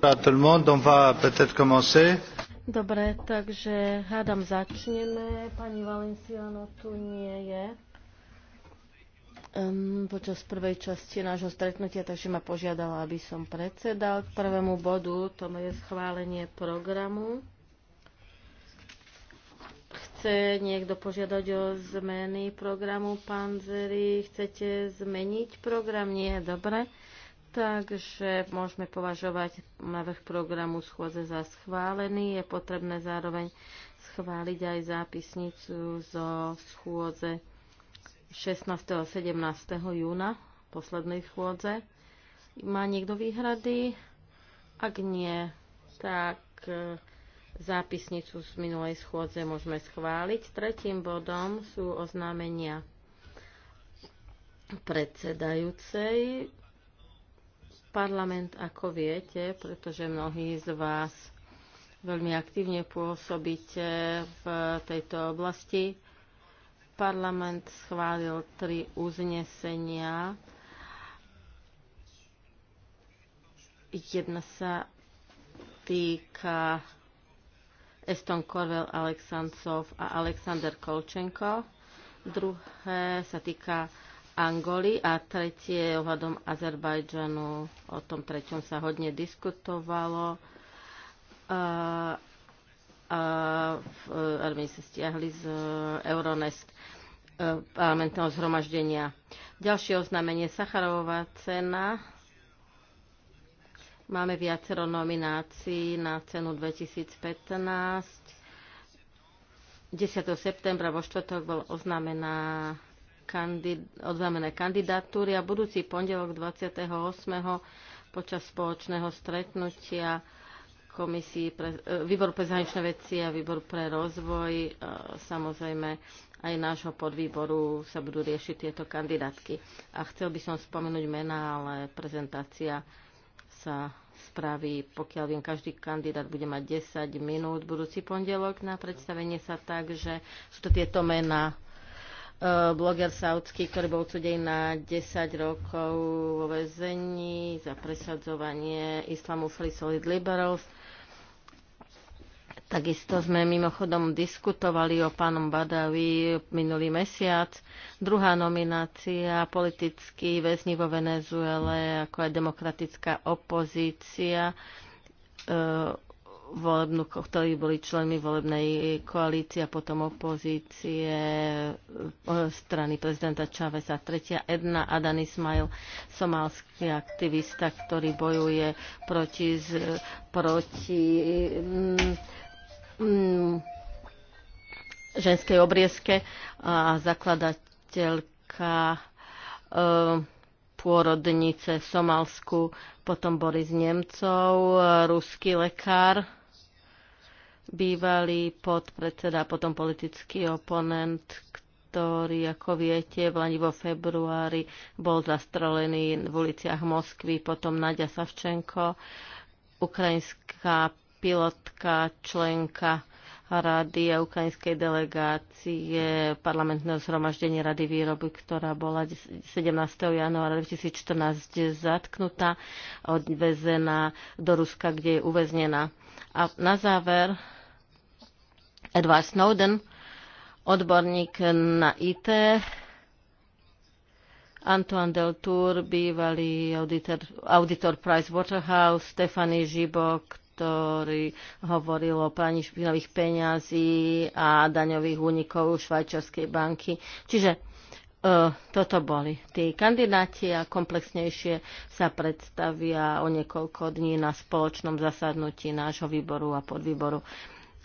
Dobre, takže hádam začneme. Pani Valenciano tu nie je um, počas prvej časti nášho stretnutia, takže ma požiadala, aby som predsedal k prvému bodu, to je schválenie programu. Chce niekto požiadať o zmeny programu Zeri? Chcete zmeniť program? Nie, dobre. Takže môžeme považovať návrh programu schôdze za schválený. Je potrebné zároveň schváliť aj zápisnicu zo schôdze 16. a 17. júna, poslednej schôdze. Má niekto výhrady? Ak nie, tak e, zápisnicu z minulej schôdze môžeme schváliť. Tretím bodom sú oznámenia predsedajúcej. Parlament, ako viete, pretože mnohí z vás veľmi aktívne pôsobíte v tejto oblasti, parlament schválil tri uznesenia. Jedna sa týka Eston Korvel Alexancov a Aleksandr Kolčenko. Druhé sa týka Angoli a tretie ohľadom Azerbajdžanu. O tom treťom sa hodne diskutovalo. A, a v sa stiahli z e, Euronest e, parlamentného zhromaždenia. Ďalšie oznámenie Sacharová cena. Máme viacero nominácií na cenu 2015. 10. septembra vo štvrtok bol oznámená kandid- odvámené kandidatúry a budúci pondelok 28. počas spoločného stretnutia komisii pre, e, výbor pre zahraničné veci a výbor pre rozvoj, e, samozrejme aj nášho podvýboru sa budú riešiť tieto kandidátky. A chcel by som spomenúť mená, ale prezentácia sa spraví, pokiaľ viem, každý kandidát bude mať 10 minút budúci pondelok na predstavenie sa, takže sú to tieto mená Eh, bloger saudský, ktorý bol odsudený na 10 rokov vo väzení za presadzovanie islamu Free Solid Liberals. Takisto sme mimochodom diskutovali o pánom Badawi minulý mesiac. Druhá nominácia, politický väzni vo Venezuele, ako aj demokratická opozícia. E volebnú, ktorí boli členmi volebnej koalície a potom opozície e, strany prezidenta Čavesa. Tretia Edna Adan Ismail, somálsky aktivista, ktorý bojuje proti, proti mm, mm, ženskej obriezke a zakladateľka e, pôrodnice v Somálsku, potom Boris Nemcov, e, ruský lekár, bývalý podpredseda, potom politický oponent, ktorý, ako viete, v Lani vo februári bol zastrelený v uliciach Moskvy, potom Nadia Savčenko, ukrajinská pilotka, členka rady a ukrajinskej delegácie parlamentného zhromaždenia Rady výroby, ktorá bola 17. januára 2014 zatknutá, odvezená do Ruska, kde je uväznená. A na záver Edward Snowden, odborník na IT, Antoine Deltour, bývalý auditor, auditor Price Waterhouse, Stephanie Žibok, ktorý hovoril o praní špinových peňazí a daňových únikov Švajčarskej banky. Čiže e, toto boli tí kandidáti a komplexnejšie sa predstavia o niekoľko dní na spoločnom zasadnutí nášho výboru a podvýboru.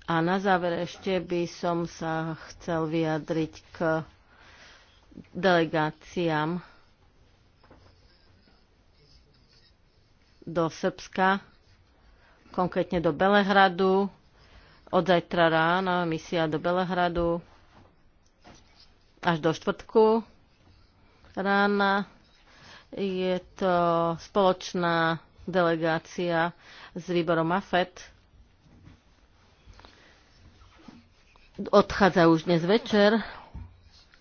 A na záver ešte by som sa chcel vyjadriť k delegáciám do Srbska, konkrétne do Belehradu. Od zajtra rána misia do Belehradu až do štvrtku rána. Je to spoločná delegácia s výborom AFET odchádza už dnes večer.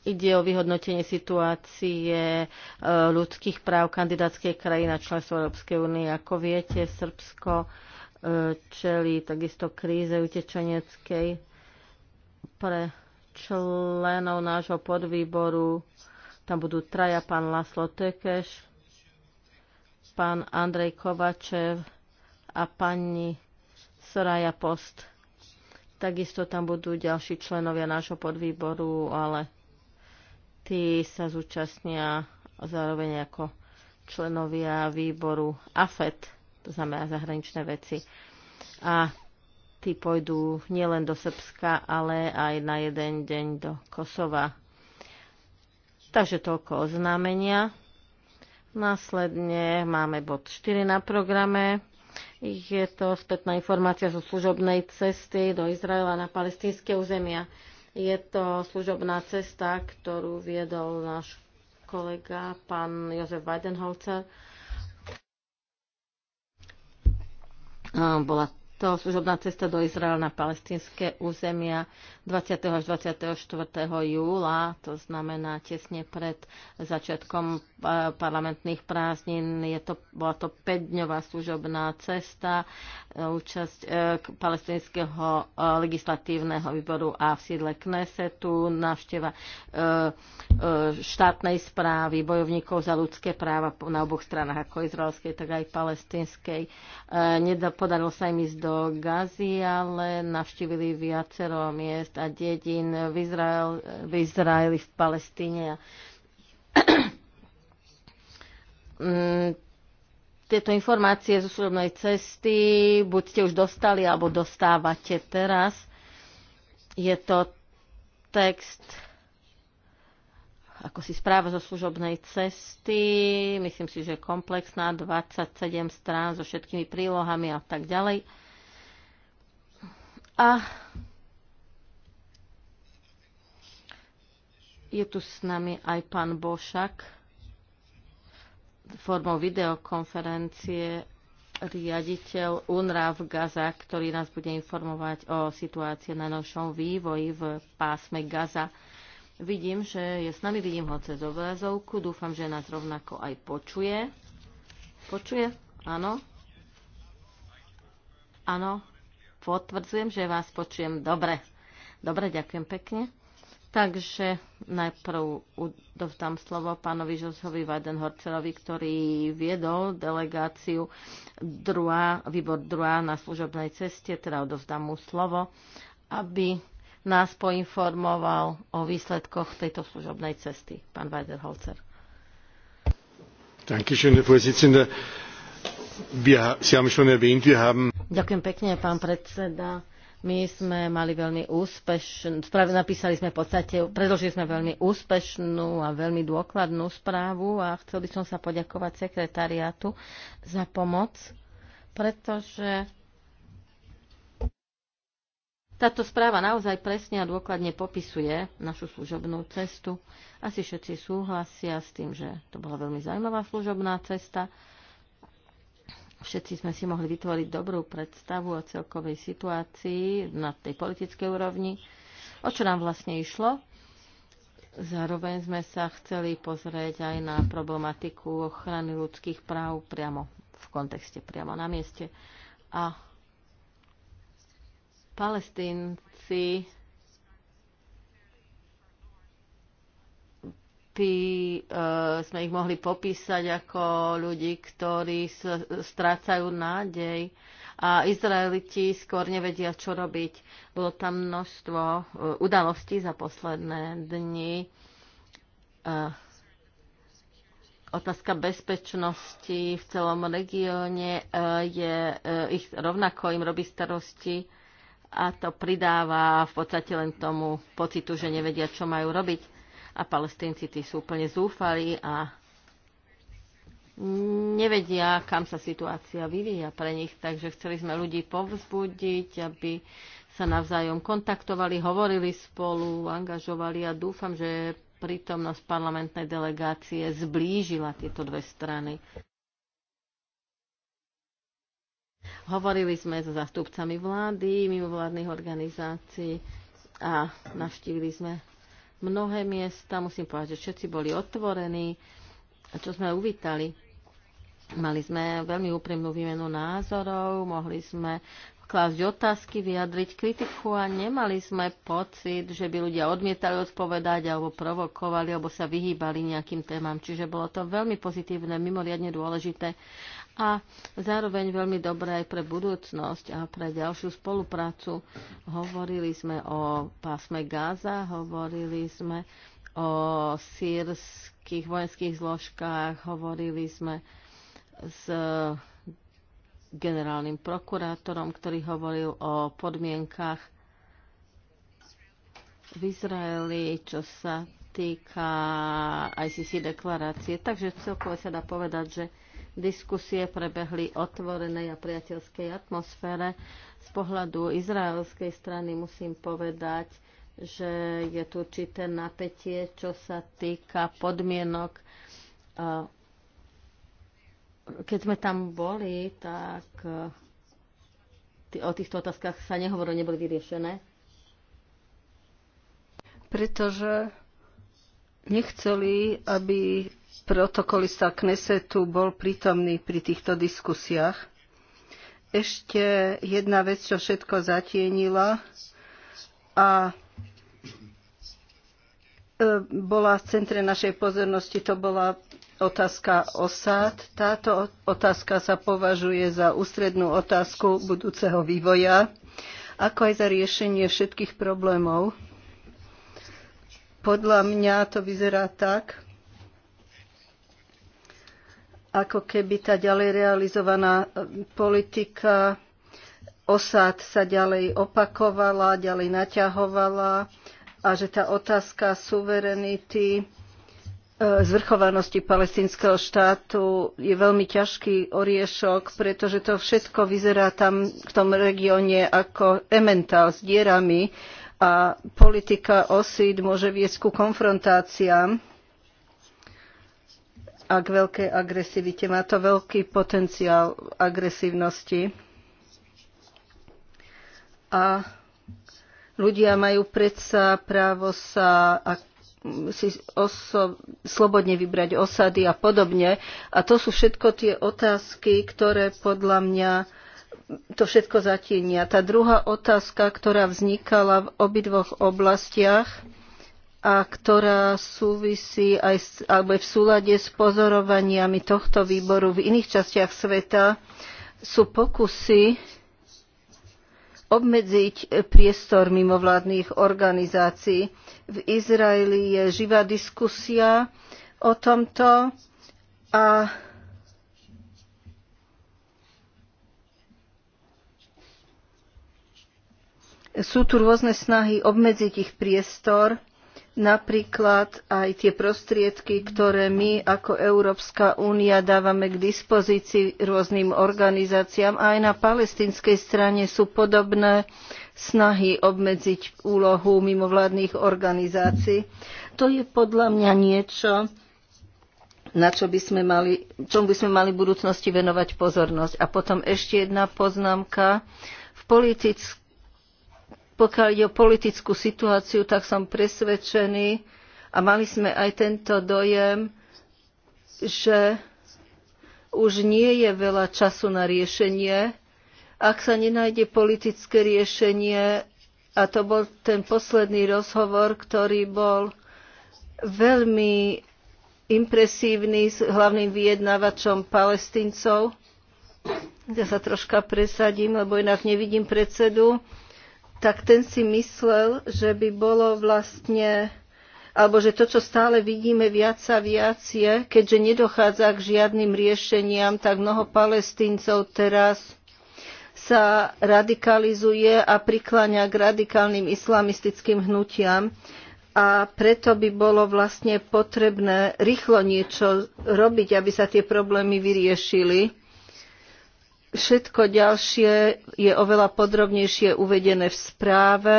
Ide o vyhodnotenie situácie e, ľudských práv kandidátskej krajiny na členstvo Európskej únie. Ako viete, Srbsko e, čeli takisto kríze utečeneckej pre členov nášho podvýboru. Tam budú traja pán Laslo Tekeš, pán Andrej Kovačev a pani Soraya Post Takisto tam budú ďalší členovia nášho podvýboru, ale tí sa zúčastnia zároveň ako členovia výboru AFET, to znamená zahraničné veci. A tí pôjdu nielen do Srbska, ale aj na jeden deň do Kosova. Takže toľko oznámenia. Následne máme bod 4 na programe je to spätná informácia zo služobnej cesty do Izraela na palestínske územia. Je to služobná cesta, ktorú viedol náš kolega, pán Jozef Weidenholzer. Bola to služobná cesta do Izraela na palestinské územia 20. až 24. júla, to znamená tesne pred začiatkom eh, parlamentných prázdnin. Je to, bola to 5-dňová služobná cesta, eh, účasť eh, palestinského legislatívneho výboru a v sídle Knesetu, návšteva štátnej správy, bojovníkov za ľudské práva na oboch stranách, ako izraelskej, tak aj palestinskej. Podarilo sa im ísť do Gazy, ale navštívili viacero miest a dedín v, Izrael, v Izraeli, v Palestíne. Mm, tieto informácie zo služobnej cesty buď ste už dostali, alebo dostávate teraz. Je to text ako si správa zo služobnej cesty, myslím si, že komplexná, 27 strán so všetkými prílohami a tak ďalej. A je tu s nami aj pán Bošak formou videokonferencie riaditeľ UNRA v Gaza, ktorý nás bude informovať o situácii na našom vývoji v pásme Gaza. Vidím, že je s nami, vidím ho cez obrazovku, dúfam, že nás rovnako aj počuje. Počuje? Áno? Áno? potvrdzujem, že vás počujem dobre. Dobre, ďakujem pekne. Takže najprv dovtám slovo pánovi Žozovi Weidenhorcerovi, ktorý viedol delegáciu druhá, výbor druhá na služobnej ceste, teda odovzdám mu slovo, aby nás poinformoval o výsledkoch tejto služobnej cesty. Pán Weidenholzer. Dankeschön, Herr Vorsitzender. Wir, Sie haben schon erwähnt, wir haben Ďakujem pekne, pán predseda. My sme mali veľmi úspešnú, napísali sme v podstate, predložili sme veľmi úspešnú a veľmi dôkladnú správu a chcel by som sa poďakovať sekretariátu za pomoc, pretože táto správa naozaj presne a dôkladne popisuje našu služobnú cestu. Asi všetci súhlasia s tým, že to bola veľmi zaujímavá služobná cesta. Všetci sme si mohli vytvoriť dobrú predstavu o celkovej situácii na tej politickej úrovni, o čo nám vlastne išlo. Zároveň sme sa chceli pozrieť aj na problematiku ochrany ľudských práv priamo v kontexte, priamo na mieste. A palestínci Európy e, sme ich mohli popísať ako ľudí, ktorí strácajú nádej a Izraeliti skôr nevedia, čo robiť. Bolo tam množstvo e, udalostí za posledné dni. E, otázka bezpečnosti v celom regióne je ich rovnako im robí starosti a to pridáva v podstate len tomu pocitu, že nevedia, čo majú robiť a palestínci tí sú úplne zúfali a nevedia, kam sa situácia vyvíja pre nich, takže chceli sme ľudí povzbudiť, aby sa navzájom kontaktovali, hovorili spolu, angažovali a dúfam, že prítomnosť parlamentnej delegácie zblížila tieto dve strany. Hovorili sme so zastupcami vlády, mimovládnych organizácií a navštívili sme mnohé miesta, musím povedať, že všetci boli otvorení, čo sme uvítali. Mali sme veľmi úprimnú výmenu názorov, mohli sme klásť otázky, vyjadriť kritiku a nemali sme pocit, že by ľudia odmietali odpovedať alebo provokovali alebo sa vyhýbali nejakým témam. Čiže bolo to veľmi pozitívne, mimoriadne dôležité a zároveň veľmi dobré aj pre budúcnosť a pre ďalšiu spoluprácu. Hovorili sme o pásme Gáza, hovorili sme o sírských vojenských zložkách, hovorili sme s generálnym prokurátorom, ktorý hovoril o podmienkach v Izraeli, čo sa týka ICC deklarácie. Takže celkovo sa dá povedať, že Diskusie prebehli otvorenej a priateľskej atmosfére. Z pohľadu izraelskej strany musím povedať, že je tu určité napätie, čo sa týka podmienok. Keď sme tam boli, tak e, o týchto otázkach sa nehovorilo, neboli vyriešené. Pretože nechceli, aby protokolista Knesetu bol prítomný pri týchto diskusiách. Ešte jedna vec, čo všetko zatienila a e, bola v centre našej pozornosti, to bola otázka osád. Táto otázka sa považuje za ústrednú otázku budúceho vývoja, ako aj za riešenie všetkých problémov. Podľa mňa to vyzerá tak, ako keby tá ďalej realizovaná e, politika osád sa ďalej opakovala, ďalej naťahovala a že tá otázka suverenity, e, zvrchovanosti palestinského štátu je veľmi ťažký oriešok, pretože to všetko vyzerá tam v tom regióne ako ementál s dierami a politika osíd môže viesť ku konfrontáciám a k veľkej agresivite. Má to veľký potenciál agresívnosti. A ľudia majú predsa právo sa si oso, slobodne vybrať osady a podobne. A to sú všetko tie otázky, ktoré podľa mňa to všetko zatienia. Tá druhá otázka, ktorá vznikala v obidvoch oblastiach, a ktorá súvisí aj s, alebo v súlade s pozorovaniami tohto výboru v iných častiach sveta, sú pokusy obmedziť priestor mimovládnych organizácií. V Izraeli je živá diskusia o tomto a sú tu rôzne snahy obmedziť ich priestor Napríklad aj tie prostriedky, ktoré my ako Európska únia dávame k dispozícii rôznym organizáciám, aj na palestinskej strane sú podobné snahy obmedziť úlohu mimovládnych organizácií. To je podľa mňa niečo, na čo by sme mali, čomu by sme mali v budúcnosti venovať pozornosť. A potom ešte jedna poznámka. V politickom pokiaľ ide o politickú situáciu, tak som presvedčený a mali sme aj tento dojem, že už nie je veľa času na riešenie. Ak sa nenájde politické riešenie, a to bol ten posledný rozhovor, ktorý bol veľmi impresívny s hlavným vyjednávačom palestíncov. Ja sa troška presadím, lebo inak nevidím predsedu tak ten si myslel, že by bolo vlastne, alebo že to, čo stále vidíme viac a viac je, keďže nedochádza k žiadnym riešeniam, tak mnoho palestíncov teraz sa radikalizuje a prikláňa k radikálnym islamistickým hnutiam a preto by bolo vlastne potrebné rýchlo niečo robiť, aby sa tie problémy vyriešili Všetko ďalšie je oveľa podrobnejšie uvedené v správe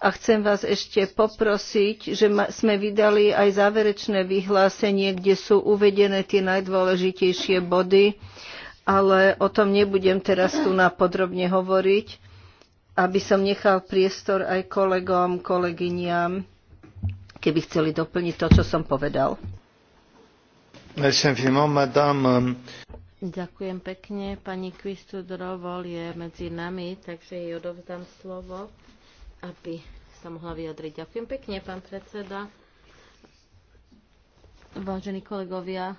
a chcem vás ešte poprosiť, že sme vydali aj záverečné vyhlásenie, kde sú uvedené tie najdôležitejšie body, ale o tom nebudem teraz tu na podrobne hovoriť, aby som nechal priestor aj kolegom, kolegyniam, keby chceli doplniť to, čo som povedal. Madame, Ďakujem pekne. Pani Kvistudrovol je medzi nami, takže jej odovzdám slovo, aby sa mohla vyjadriť. Ďakujem pekne, pán predseda. Vážení kolegovia,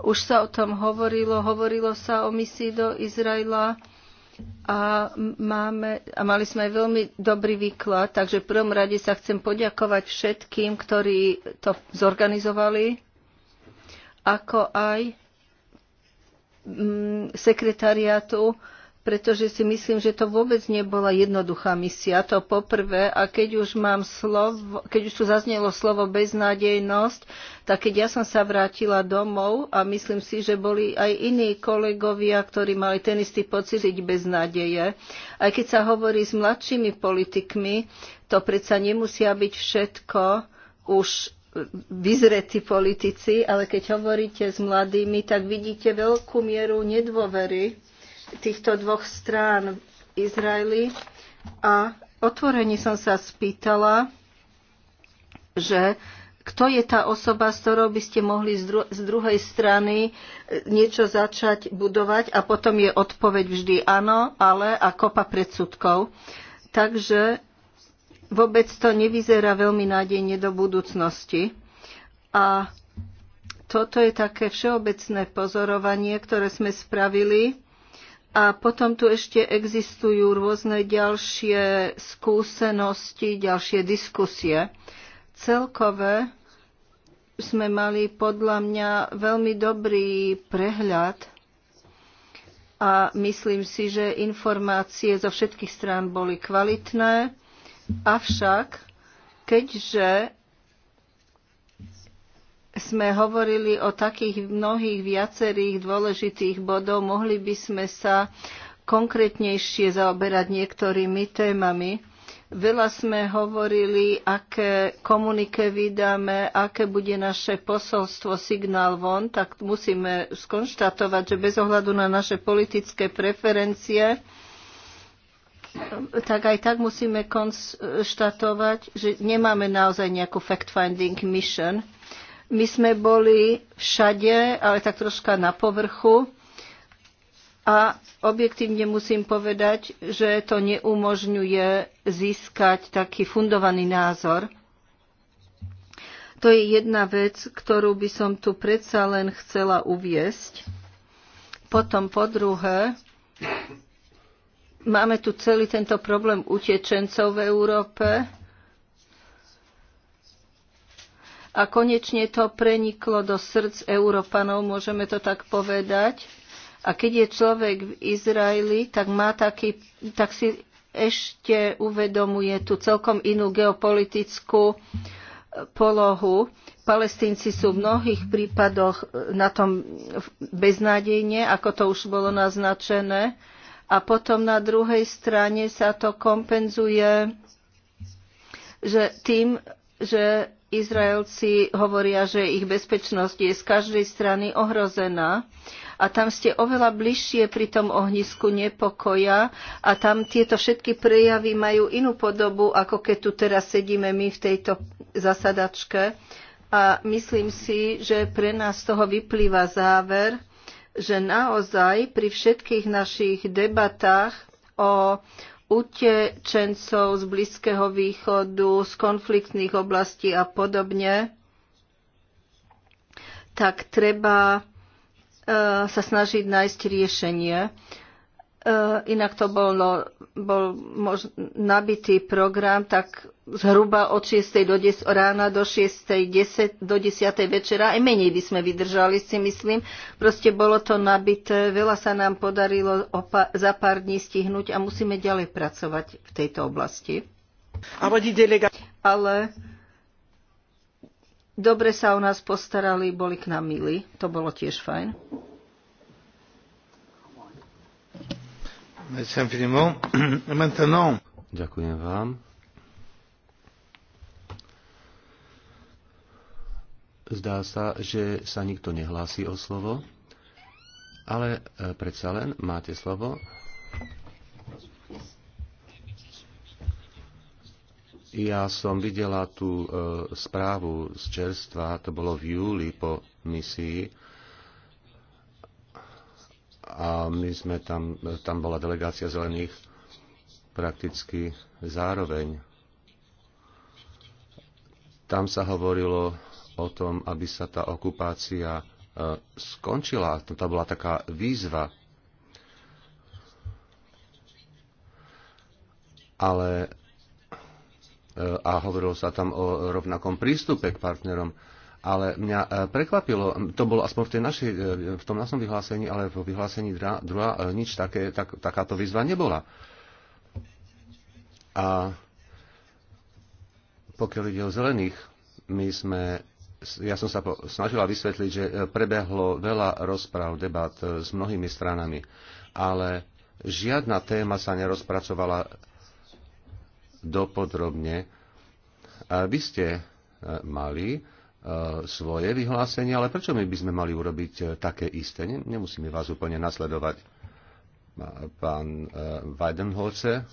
už sa o tom hovorilo, hovorilo sa o misii do Izraela a, máme, a mali sme aj veľmi dobrý výklad, takže v prvom rade sa chcem poďakovať všetkým, ktorí to zorganizovali ako aj mm, sekretariátu, pretože si myslím, že to vôbec nebola jednoduchá misia. To poprvé, a keď už, mám slovo, keď už tu zaznelo slovo beznádejnosť, tak keď ja som sa vrátila domov a myslím si, že boli aj iní kolegovia, ktorí mali ten istý pocit beznádeje. Aj keď sa hovorí s mladšími politikmi, to predsa nemusia byť všetko už vyzretí politici, ale keď hovoríte s mladými, tak vidíte veľkú mieru nedôvery týchto dvoch strán v Izraeli. A otvorene som sa spýtala, že kto je tá osoba, s ktorou by ste mohli z, dru- z druhej strany e, niečo začať budovať a potom je odpoveď vždy áno, ale a kopa predsudkov. Takže vôbec to nevyzerá veľmi nádejne do budúcnosti. A toto je také všeobecné pozorovanie, ktoré sme spravili. A potom tu ešte existujú rôzne ďalšie skúsenosti, ďalšie diskusie. Celkové sme mali podľa mňa veľmi dobrý prehľad a myslím si, že informácie zo všetkých strán boli kvalitné Avšak, keďže sme hovorili o takých mnohých viacerých dôležitých bodov, mohli by sme sa konkrétnejšie zaoberať niektorými témami. Veľa sme hovorili, aké komunike vydáme, aké bude naše posolstvo signál von, tak musíme skonštatovať, že bez ohľadu na naše politické preferencie, tak aj tak musíme konštatovať, že nemáme naozaj nejakú fact-finding mission. My sme boli všade, ale tak troška na povrchu a objektívne musím povedať, že to neumožňuje získať taký fundovaný názor. To je jedna vec, ktorú by som tu predsa len chcela uviesť. Potom po druhé, Máme tu celý tento problém utečencov v Európe a konečne to preniklo do srdc Európanov, môžeme to tak povedať. A keď je človek v Izraeli, tak, má taký, tak si ešte uvedomuje tú celkom inú geopolitickú e, polohu. Palestínci sú v mnohých prípadoch e, na tom beznádejne, ako to už bolo naznačené a potom na druhej strane sa to kompenzuje že tým, že Izraelci hovoria, že ich bezpečnosť je z každej strany ohrozená a tam ste oveľa bližšie pri tom ohnisku nepokoja a tam tieto všetky prejavy majú inú podobu, ako keď tu teraz sedíme my v tejto zasadačke. A myslím si, že pre nás z toho vyplýva záver, že naozaj pri všetkých našich debatách o utečencov z Blízkeho východu, z konfliktných oblastí a podobne, tak treba e, sa snažiť nájsť riešenie. E, inak to bol, bol mož, nabitý program, tak zhruba od 6. Do 10, rána do 6. 10, do 10. večera. Aj menej by sme vydržali, si myslím. Proste bolo to nabité. Veľa sa nám podarilo opa- za pár dní stihnúť a musíme ďalej pracovať v tejto oblasti. Ale dobre sa o nás postarali, boli k nám milí. To bolo tiež fajn. Ďakujem vám. Zdá sa, že sa nikto nehlási o slovo, ale e, predsa len máte slovo. Ja som videla tú e, správu z čerstva, to bolo v júli po misii. A my sme tam, tam bola delegácia zelených prakticky zároveň. Tam sa hovorilo o tom, aby sa tá okupácia e, skončila. To tá bola taká výzva. Ale e, a hovorilo sa tam o rovnakom prístupe k partnerom. Ale mňa e, prekvapilo, to bolo aspoň v, tej našej, v tom našom vyhlásení, ale v vyhlásení druhá nič také, tak, takáto výzva nebola. A pokiaľ ide o zelených, my sme ja som sa snažila vysvetliť, že e, prebehlo veľa rozpráv, debat e, s mnohými stranami, ale žiadna téma sa nerozpracovala dopodrobne. Vy ste e, mali svoje vyhlásenie, ale prečo my by sme mali urobiť také isté? Nemusíme vás úplne nasledovať. Pán Weidenholzer.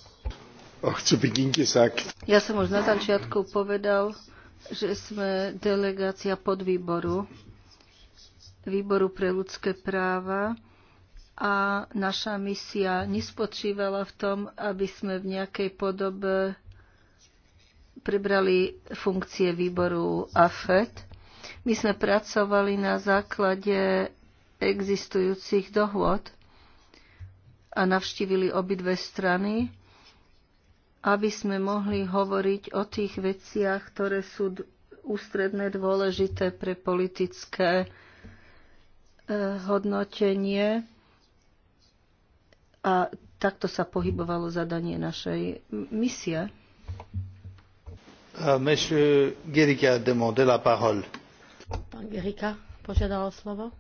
Ja som už na začiatku povedal, že sme delegácia podvýboru, výboru pre ľudské práva a naša misia nespočívala v tom, aby sme v nejakej podobe prebrali funkcie výboru AFET. My sme pracovali na základe existujúcich dohôd a navštívili obidve strany aby sme mohli hovoriť o tých veciach, ktoré sú ústredné dôležité pre politické eh, hodnotenie. A takto sa pohybovalo zadanie našej misie. Euh, monsieur Guerrica demandait la parole. Pán Gerika požiadal o slovo.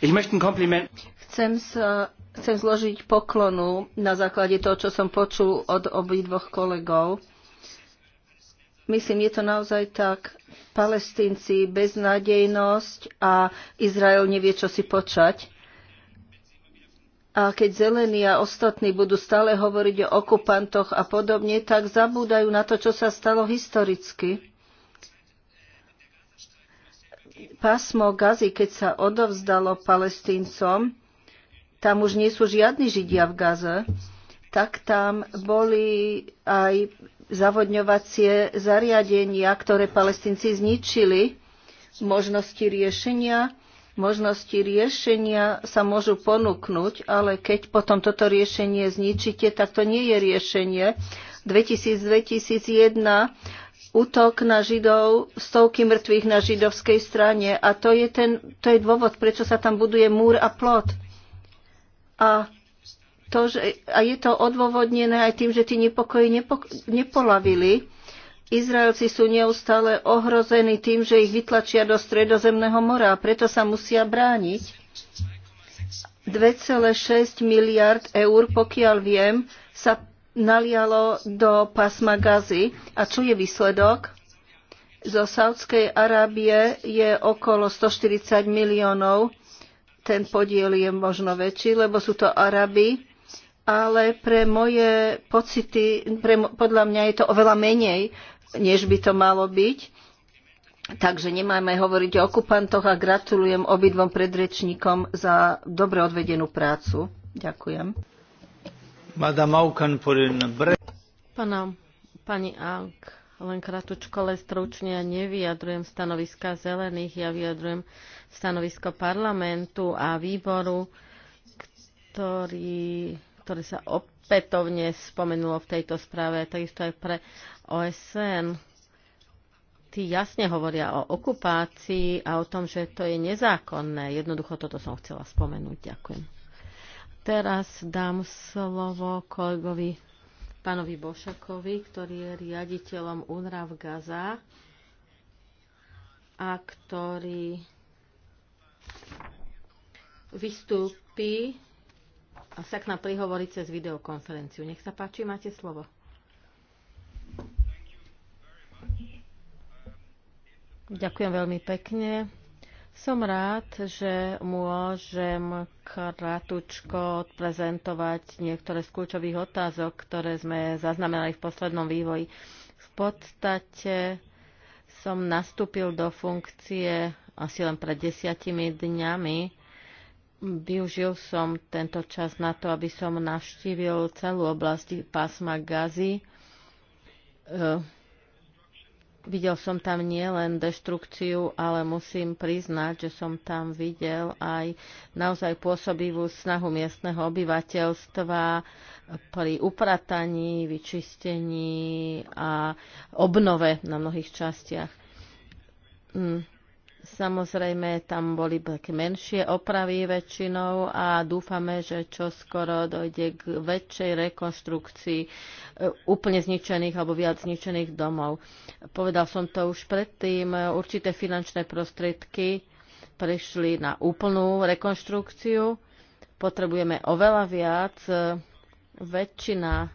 Ich möchte ein Kompliment. Chcem, sa, chcem zložiť poklonu na základe toho, čo som počul od obidvoch kolegov. Myslím, je to naozaj tak. Palestínci, beznádejnosť a Izrael nevie, čo si počať. A keď zelení a ostatní budú stále hovoriť o okupantoch a podobne, tak zabúdajú na to, čo sa stalo historicky. Pásmo Gazy, keď sa odovzdalo palestíncom, tam už nie sú žiadni Židia v Gaze, tak tam boli aj zavodňovacie zariadenia, ktoré palestinci zničili, možnosti riešenia. Možnosti riešenia sa môžu ponúknuť, ale keď potom toto riešenie zničíte, tak to nie je riešenie. 2000-2001 útok na Židov, stovky mŕtvych na židovskej strane a to je, ten, to je dôvod, prečo sa tam buduje múr a plot a, to, že, a je to odôvodnené aj tým, že tí nepokoji nepo, nepolavili. Izraelci sú neustále ohrození tým, že ich vytlačia do Stredozemného mora a preto sa musia brániť. 2,6 miliard eur, pokiaľ viem, sa nalialo do pásma Gazy. A čo je výsledok? Zo Saudskej Arábie je okolo 140 miliónov ten podiel je možno väčší, lebo sú to Araby, ale pre moje pocity, pre, podľa mňa je to oveľa menej, než by to malo byť. Takže nemáme hovoriť o okupantoch a gratulujem obidvom predrečníkom za dobre odvedenú prácu. Ďakujem. Madame Aukan, Pana, pani Ank, len kratučko, ale stručne ja nevyjadrujem stanoviska zelených, ja vyjadrujem stanovisko parlamentu a výboru, ktorý, ktoré sa opätovne spomenulo v tejto správe, takisto aj pre OSN. Tí jasne hovoria o okupácii a o tom, že to je nezákonné. Jednoducho toto som chcela spomenúť. Ďakujem. Teraz dám slovo kolegovi pánovi Bošakovi, ktorý je riaditeľom UNRA v Gaza a ktorý vystúpi a sa k nám prihovorí cez videokonferenciu. Nech sa páči, máte slovo. Ďakujem veľmi pekne. Som rád, že môžem kratučko odprezentovať niektoré z kľúčových otázok, ktoré sme zaznamenali v poslednom vývoji. V podstate som nastúpil do funkcie asi len pred desiatimi dňami Využil som tento čas na to, aby som navštívil celú oblasť pásma Gazy. E, videl som tam nielen deštrukciu, ale musím priznať, že som tam videl aj naozaj pôsobivú snahu miestneho obyvateľstva pri uprataní, vyčistení a obnove na mnohých častiach. Mm. Samozrejme, tam boli také menšie opravy väčšinou a dúfame, že čo skoro dojde k väčšej rekonštrukcii e, úplne zničených alebo viac zničených domov. Povedal som to už predtým, e, určité finančné prostriedky prešli na úplnú rekonštrukciu. Potrebujeme oveľa viac. E, väčšina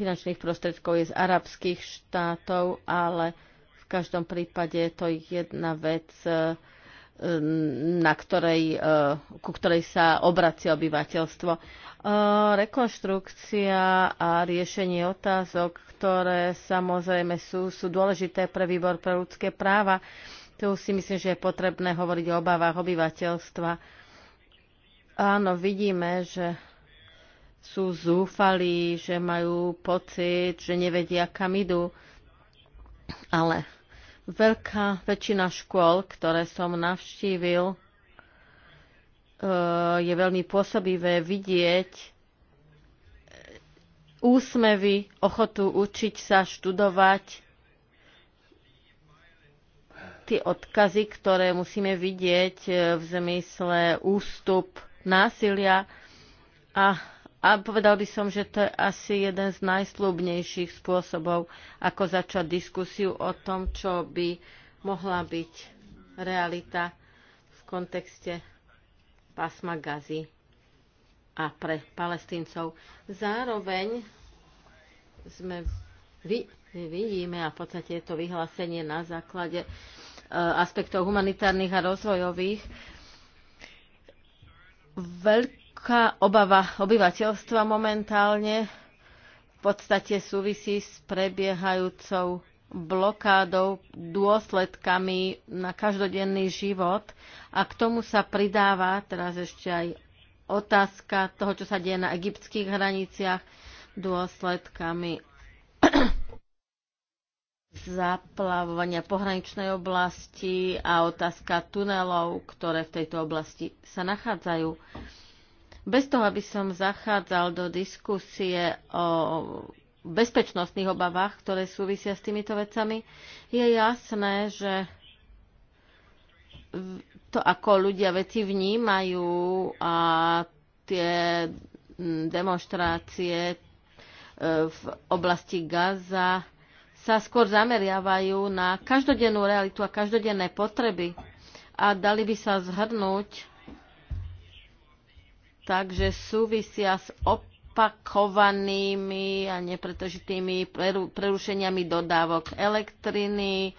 finančných prostriedkov je z arabských štátov, ale každom prípade je to jedna vec, e, na ktorej, e, ku ktorej sa obracia obyvateľstvo. E, rekonštrukcia a riešenie otázok, ktoré samozrejme sú, sú dôležité pre výbor pre ľudské práva. Tu si myslím, že je potrebné hovoriť o obavách obyvateľstva. Áno, vidíme, že sú zúfalí, že majú pocit, že nevedia, kam idú. Ale Veľká väčšina škôl, ktoré som navštívil, e, je veľmi pôsobivé vidieť úsmevy, ochotu učiť sa, študovať, tie odkazy, ktoré musíme vidieť e, v zmysle ústup násilia a a povedal by som, že to je asi jeden z najslúbnejších spôsobov, ako začať diskusiu o tom, čo by mohla byť realita v kontexte pásma Gazy a pre palestíncov. Zároveň sme vy, vidíme a v podstate je to vyhlásenie na základe e, aspektov humanitárnych a rozvojových veľký veľká obava obyvateľstva momentálne v podstate súvisí s prebiehajúcou blokádou, dôsledkami na každodenný život a k tomu sa pridáva teraz ešte aj otázka toho, čo sa deje na egyptských hraniciach, dôsledkami zaplavovania pohraničnej oblasti a otázka tunelov, ktoré v tejto oblasti sa nachádzajú. Bez toho, aby som zachádzal do diskusie o bezpečnostných obavách, ktoré súvisia s týmito vecami, je jasné, že to, ako ľudia veci vnímajú a tie demonstrácie e, v oblasti Gaza sa skôr zameriavajú na každodennú realitu a každodenné potreby a dali by sa zhrnúť takže súvisia s opakovanými a nepretožitými prerušeniami dodávok elektriny,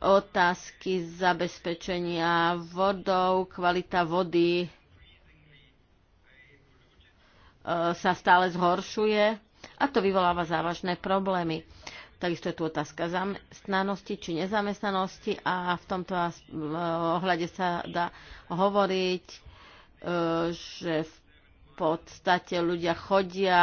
otázky zabezpečenia vodou, kvalita vody e, sa stále zhoršuje a to vyvoláva závažné problémy. Takisto je tu otázka zamestnanosti či nezamestnanosti a v tomto ohľade sa dá hovoriť že v podstate ľudia chodia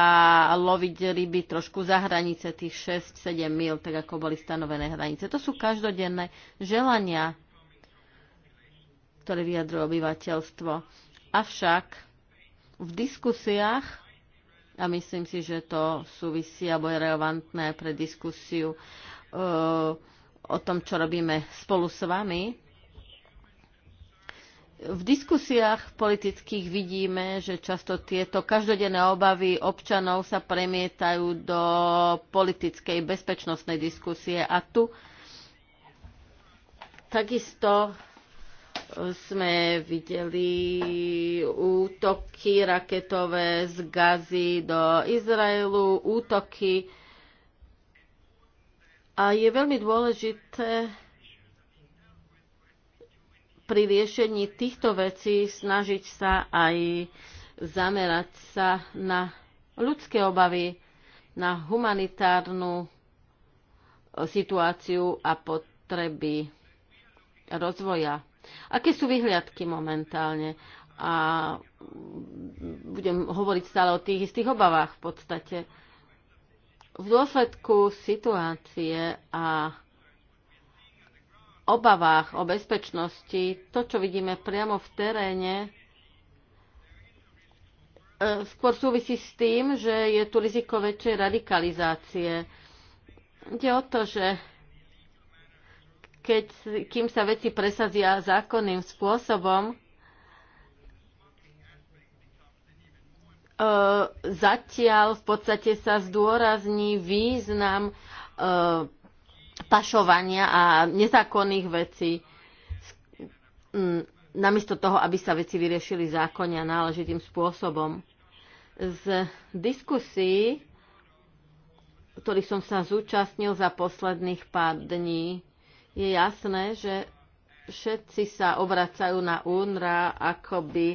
loviť ryby trošku za hranice tých 6-7 mil, tak ako boli stanovené hranice. To sú každodenné želania, ktoré vyjadruje obyvateľstvo. Avšak v diskusiách, a myslím si, že to súvisí alebo je relevantné pre diskusiu e, o tom, čo robíme spolu s vami, v diskusiách politických vidíme, že často tieto každodenné obavy občanov sa premietajú do politickej bezpečnostnej diskusie a tu takisto e, sme videli útoky raketové z Gazy do Izraelu, útoky a je veľmi dôležité pri riešení týchto vecí snažiť sa aj zamerať sa na ľudské obavy, na humanitárnu e, situáciu a potreby rozvoja. Aké sú vyhliadky momentálne? A budem hovoriť stále o tých istých obavách v podstate. V dôsledku situácie a obavách, o bezpečnosti, to, čo vidíme priamo v teréne, e, skôr súvisí s tým, že je tu riziko väčšej radikalizácie. Ide o to, že keď, kým sa veci presazia zákonným spôsobom, e, zatiaľ v podstate sa zdôrazní význam e, pašovania a nezákonných vecí, mm, namiesto toho, aby sa veci vyriešili zákonne a náležitým spôsobom. Z diskusí, ktorých som sa zúčastnil za posledných pár dní, je jasné, že všetci sa obracajú na UNRA, ako by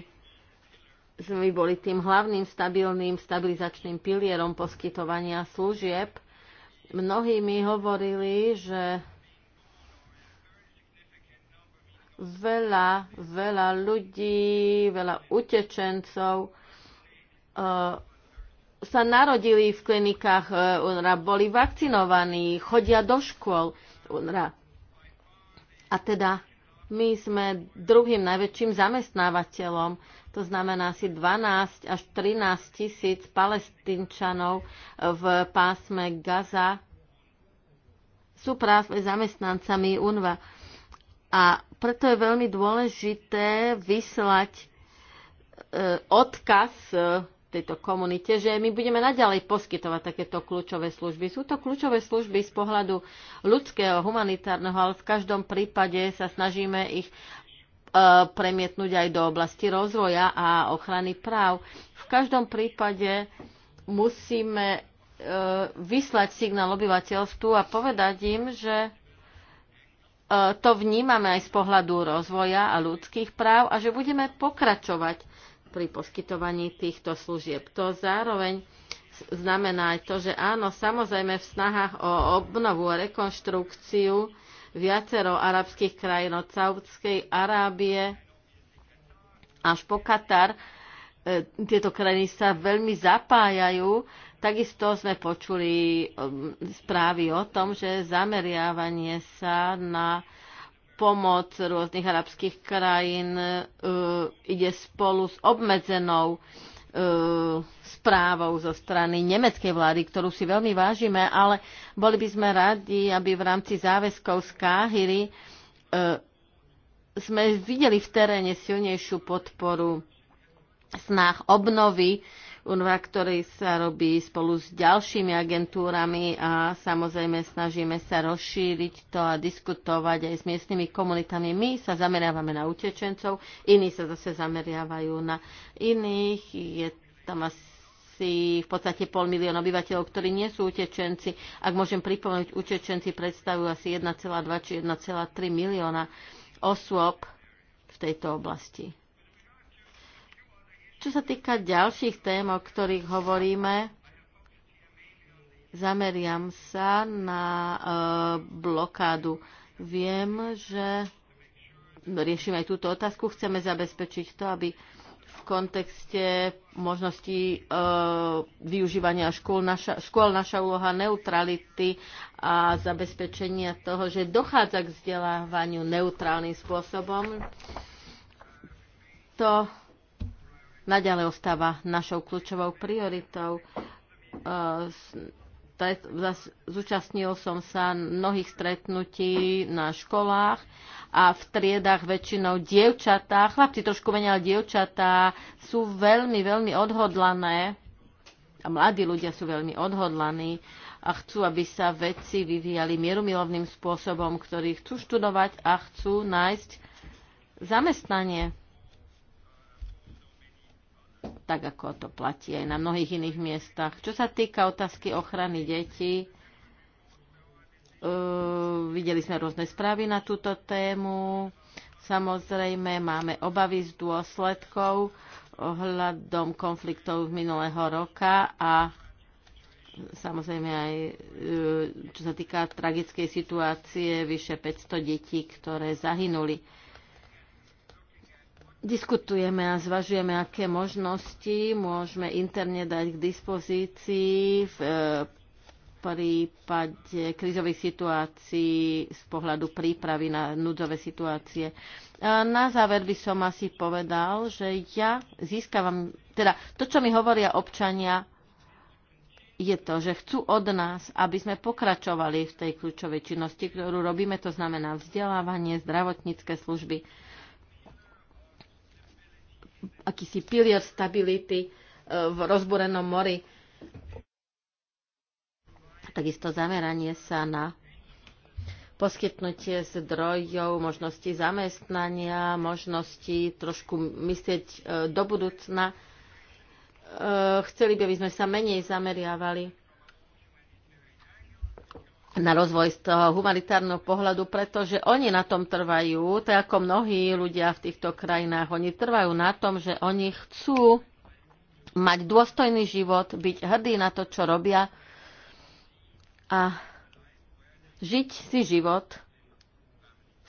sme boli tým hlavným stabilným stabilizačným pilierom poskytovania služieb Mnohí mi hovorili, že veľa, veľa ľudí, veľa utečencov uh, sa narodili v klinikách e, UNRA, boli vakcinovaní, chodia do škôl UNRA. A teda my sme druhým najväčším zamestnávateľom to znamená asi 12 až 13 tisíc palestínčanov v pásme Gaza sú práve zamestnancami UNVA. A preto je veľmi dôležité vyslať e, odkaz e, tejto komunite, že my budeme naďalej poskytovať takéto kľúčové služby. Sú to kľúčové služby z pohľadu ľudského, humanitárneho, ale v každom prípade sa snažíme ich E, premietnúť aj do oblasti rozvoja a ochrany práv. V každom prípade musíme e, vyslať signál obyvateľstvu a povedať im, že e, to vnímame aj z pohľadu rozvoja a ľudských práv a že budeme pokračovať pri poskytovaní týchto služieb. To zároveň znamená aj to, že áno, samozrejme v snahách o obnovu a rekonštrukciu viacero arabských krajín od Saudskej Arábie až po Katar. E, tieto krajiny sa veľmi zapájajú. Takisto sme počuli um, správy o tom, že zameriavanie sa na pomoc rôznych arabských krajín e, ide spolu s obmedzenou E, správou zo strany nemeckej vlády, ktorú si veľmi vážime, ale boli by sme radi, aby v rámci záväzkov z Káhyry e, sme videli v teréne silnejšiu podporu snah obnovy UNVA, ktorý sa robí spolu s ďalšími agentúrami a samozrejme snažíme sa rozšíriť to a diskutovať aj s miestnymi komunitami. My sa zameriavame na utečencov, iní sa zase zameriavajú na iných. Je tam asi v podstate pol milión obyvateľov, ktorí nie sú utečenci. Ak môžem pripomenúť, utečenci predstavujú asi 1,2 či 1,3 milióna osôb v tejto oblasti. Čo sa týka ďalších tém, o ktorých hovoríme, zameriam sa na e, blokádu. Viem, že riešime aj túto otázku. Chceme zabezpečiť to, aby v kontexte možností e, využívania škôl naša, škôl naša úloha neutrality a zabezpečenia toho, že dochádza k vzdelávaniu neutrálnym spôsobom. To naďalej ostáva našou kľúčovou prioritou. E, zúčastnil som sa mnohých stretnutí na školách a v triedách väčšinou dievčatá, chlapci trošku menej, ale dievčatá sú veľmi, veľmi odhodlané a mladí ľudia sú veľmi odhodlaní a chcú, aby sa vedci vyvíjali mierumilovným spôsobom, ktorí chcú študovať a chcú nájsť zamestnanie tak ako to platí aj na mnohých iných miestach. Čo sa týka otázky ochrany detí, e, videli sme rôzne správy na túto tému. Samozrejme, máme obavy z dôsledkov ohľadom konfliktov z minulého roka a samozrejme aj eh, čo sa týka tragickej situácie, vyše 500 detí, ktoré zahynuli Diskutujeme a zvažujeme, aké možnosti môžeme interne dať k dispozícii v e, prípade krizových situácií z pohľadu prípravy na núdzové situácie. na záver by som asi povedal, že ja získavam, teda to, čo mi hovoria občania, je to, že chcú od nás, aby sme pokračovali v tej kľúčovej činnosti, ktorú robíme, to znamená vzdelávanie, zdravotnícke služby, akýsi pilier stability e, v rozborenom mori. Takisto zameranie sa na poskytnutie zdrojov, možnosti zamestnania, možnosti trošku myslieť e, do budúcna. E, chceli by, aby sme sa menej zameriavali na rozvoj z toho humanitárneho pohľadu, pretože oni na tom trvajú, tak ako mnohí ľudia v týchto krajinách, oni trvajú na tom, že oni chcú mať dôstojný život, byť hrdí na to, čo robia a žiť si život,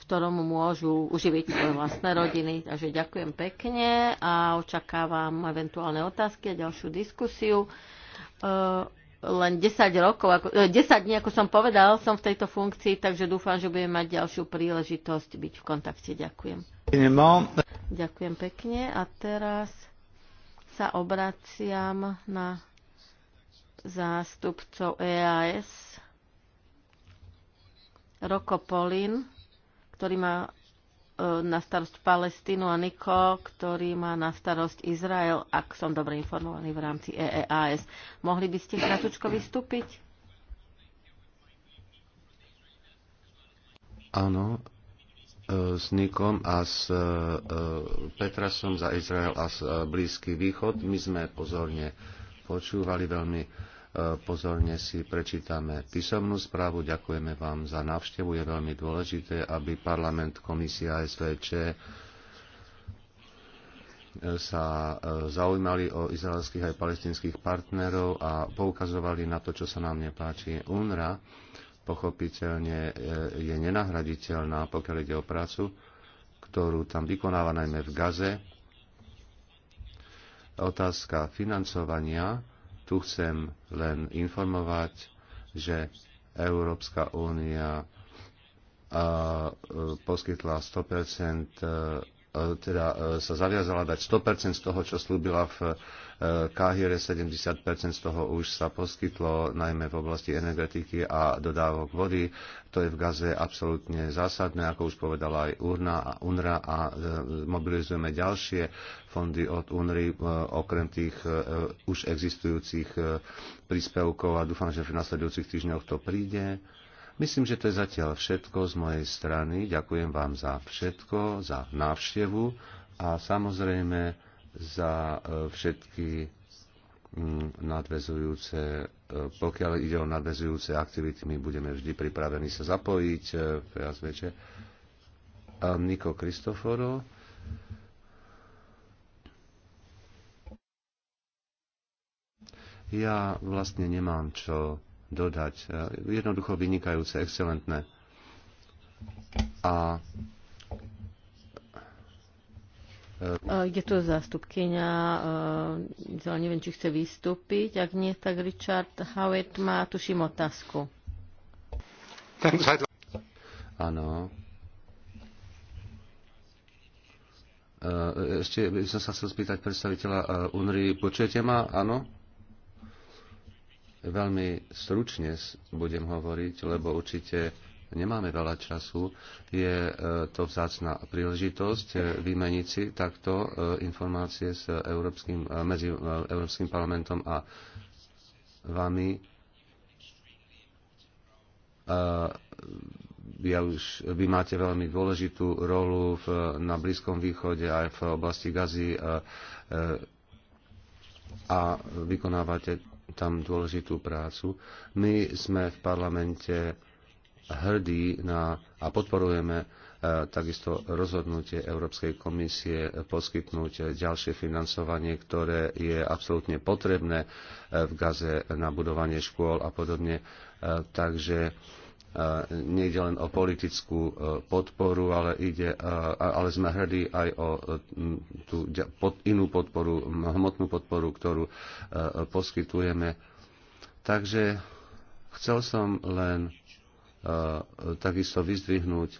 v ktorom môžu uživiť svoje vlastné rodiny. Takže ďakujem pekne a očakávam eventuálne otázky a ďalšiu diskusiu. E, len 10, rokov, ako, 10 e, dní, ako som povedal, som v tejto funkcii, takže dúfam, že budem mať ďalšiu príležitosť byť v kontakte. Ďakujem. Ďakujem pekne a teraz sa obraciam na zástupcov EAS Rokopolin, ktorý má E, na starosť Palestínu a Niko, ktorý má na starosť Izrael, ak som dobre informovaný v rámci EEAS. Mohli by ste kratučko vystúpiť? Áno, e, s Nikom a s e, Petrasom za Izrael a s Blízky východ. My sme pozorne počúvali veľmi Pozorne si prečítame písomnú správu. Ďakujeme vám za návštevu. Je veľmi dôležité, aby parlament, komisia SVČ sa e, zaujímali o izraelských aj palestinských partnerov a poukazovali na to, čo sa nám nepáči. UNRA pochopiteľne e, je nenahraditeľná, pokiaľ ide o prácu, ktorú tam vykonáva najmä v Gaze. Otázka financovania tu chcem len informovať, že Európska únia e, poskytla 100%, e, e, teda sa zaviazala dať 100% z toho, čo slúbila v Káhire 70 z toho už sa poskytlo, najmä v oblasti energetiky a dodávok vody. To je v Gaze absolútne zásadné, ako už povedala aj URNA a UNRA e, a mobilizujeme ďalšie fondy od UNRY, e, okrem tých e, už existujúcich príspevkov a dúfam, že v nasledujúcich týždňoch to príde. Myslím, že to je zatiaľ všetko z mojej strany. Ďakujem vám za všetko, za návštevu a samozrejme za e, všetky mm, nadvezujúce, e, pokiaľ ide o nadvezujúce aktivity, my budeme vždy pripravení sa zapojiť v jazveče. Niko Kristoforo. Ja vlastne nemám čo dodať. E, jednoducho vynikajúce, excelentné. A Eh, je tu zástupkynia, eh, ale neviem, či chce vystúpiť. Ak nie, tak Richard Howitt má, tuším, otázku. Áno. Eh, ešte by som sa chcel spýtať predstaviteľa UNRI. Počujete ma? Áno? Veľmi stručne budem hovoriť, lebo určite nemáme veľa času, je e, to vzácna príležitosť e, vymeniť si takto e, informácie s Európskym, medzi Európskym parlamentom a vami. Ja už, vy máte veľmi dôležitú rolu v, na Blízkom východe aj v oblasti Gazy a, a vykonávate tam dôležitú prácu. My sme v parlamente hrdí na a podporujeme e, takisto rozhodnutie Európskej komisie poskytnúť ďalšie financovanie, ktoré je absolútne potrebné e, v Gaze na budovanie škôl a podobne. E, takže nejde len o politickú podporu, ale, ide, ale sme hrdí aj o tú inú podporu, hmotnú podporu, ktorú poskytujeme. Takže chcel som len E, takisto vyzdvihnúť,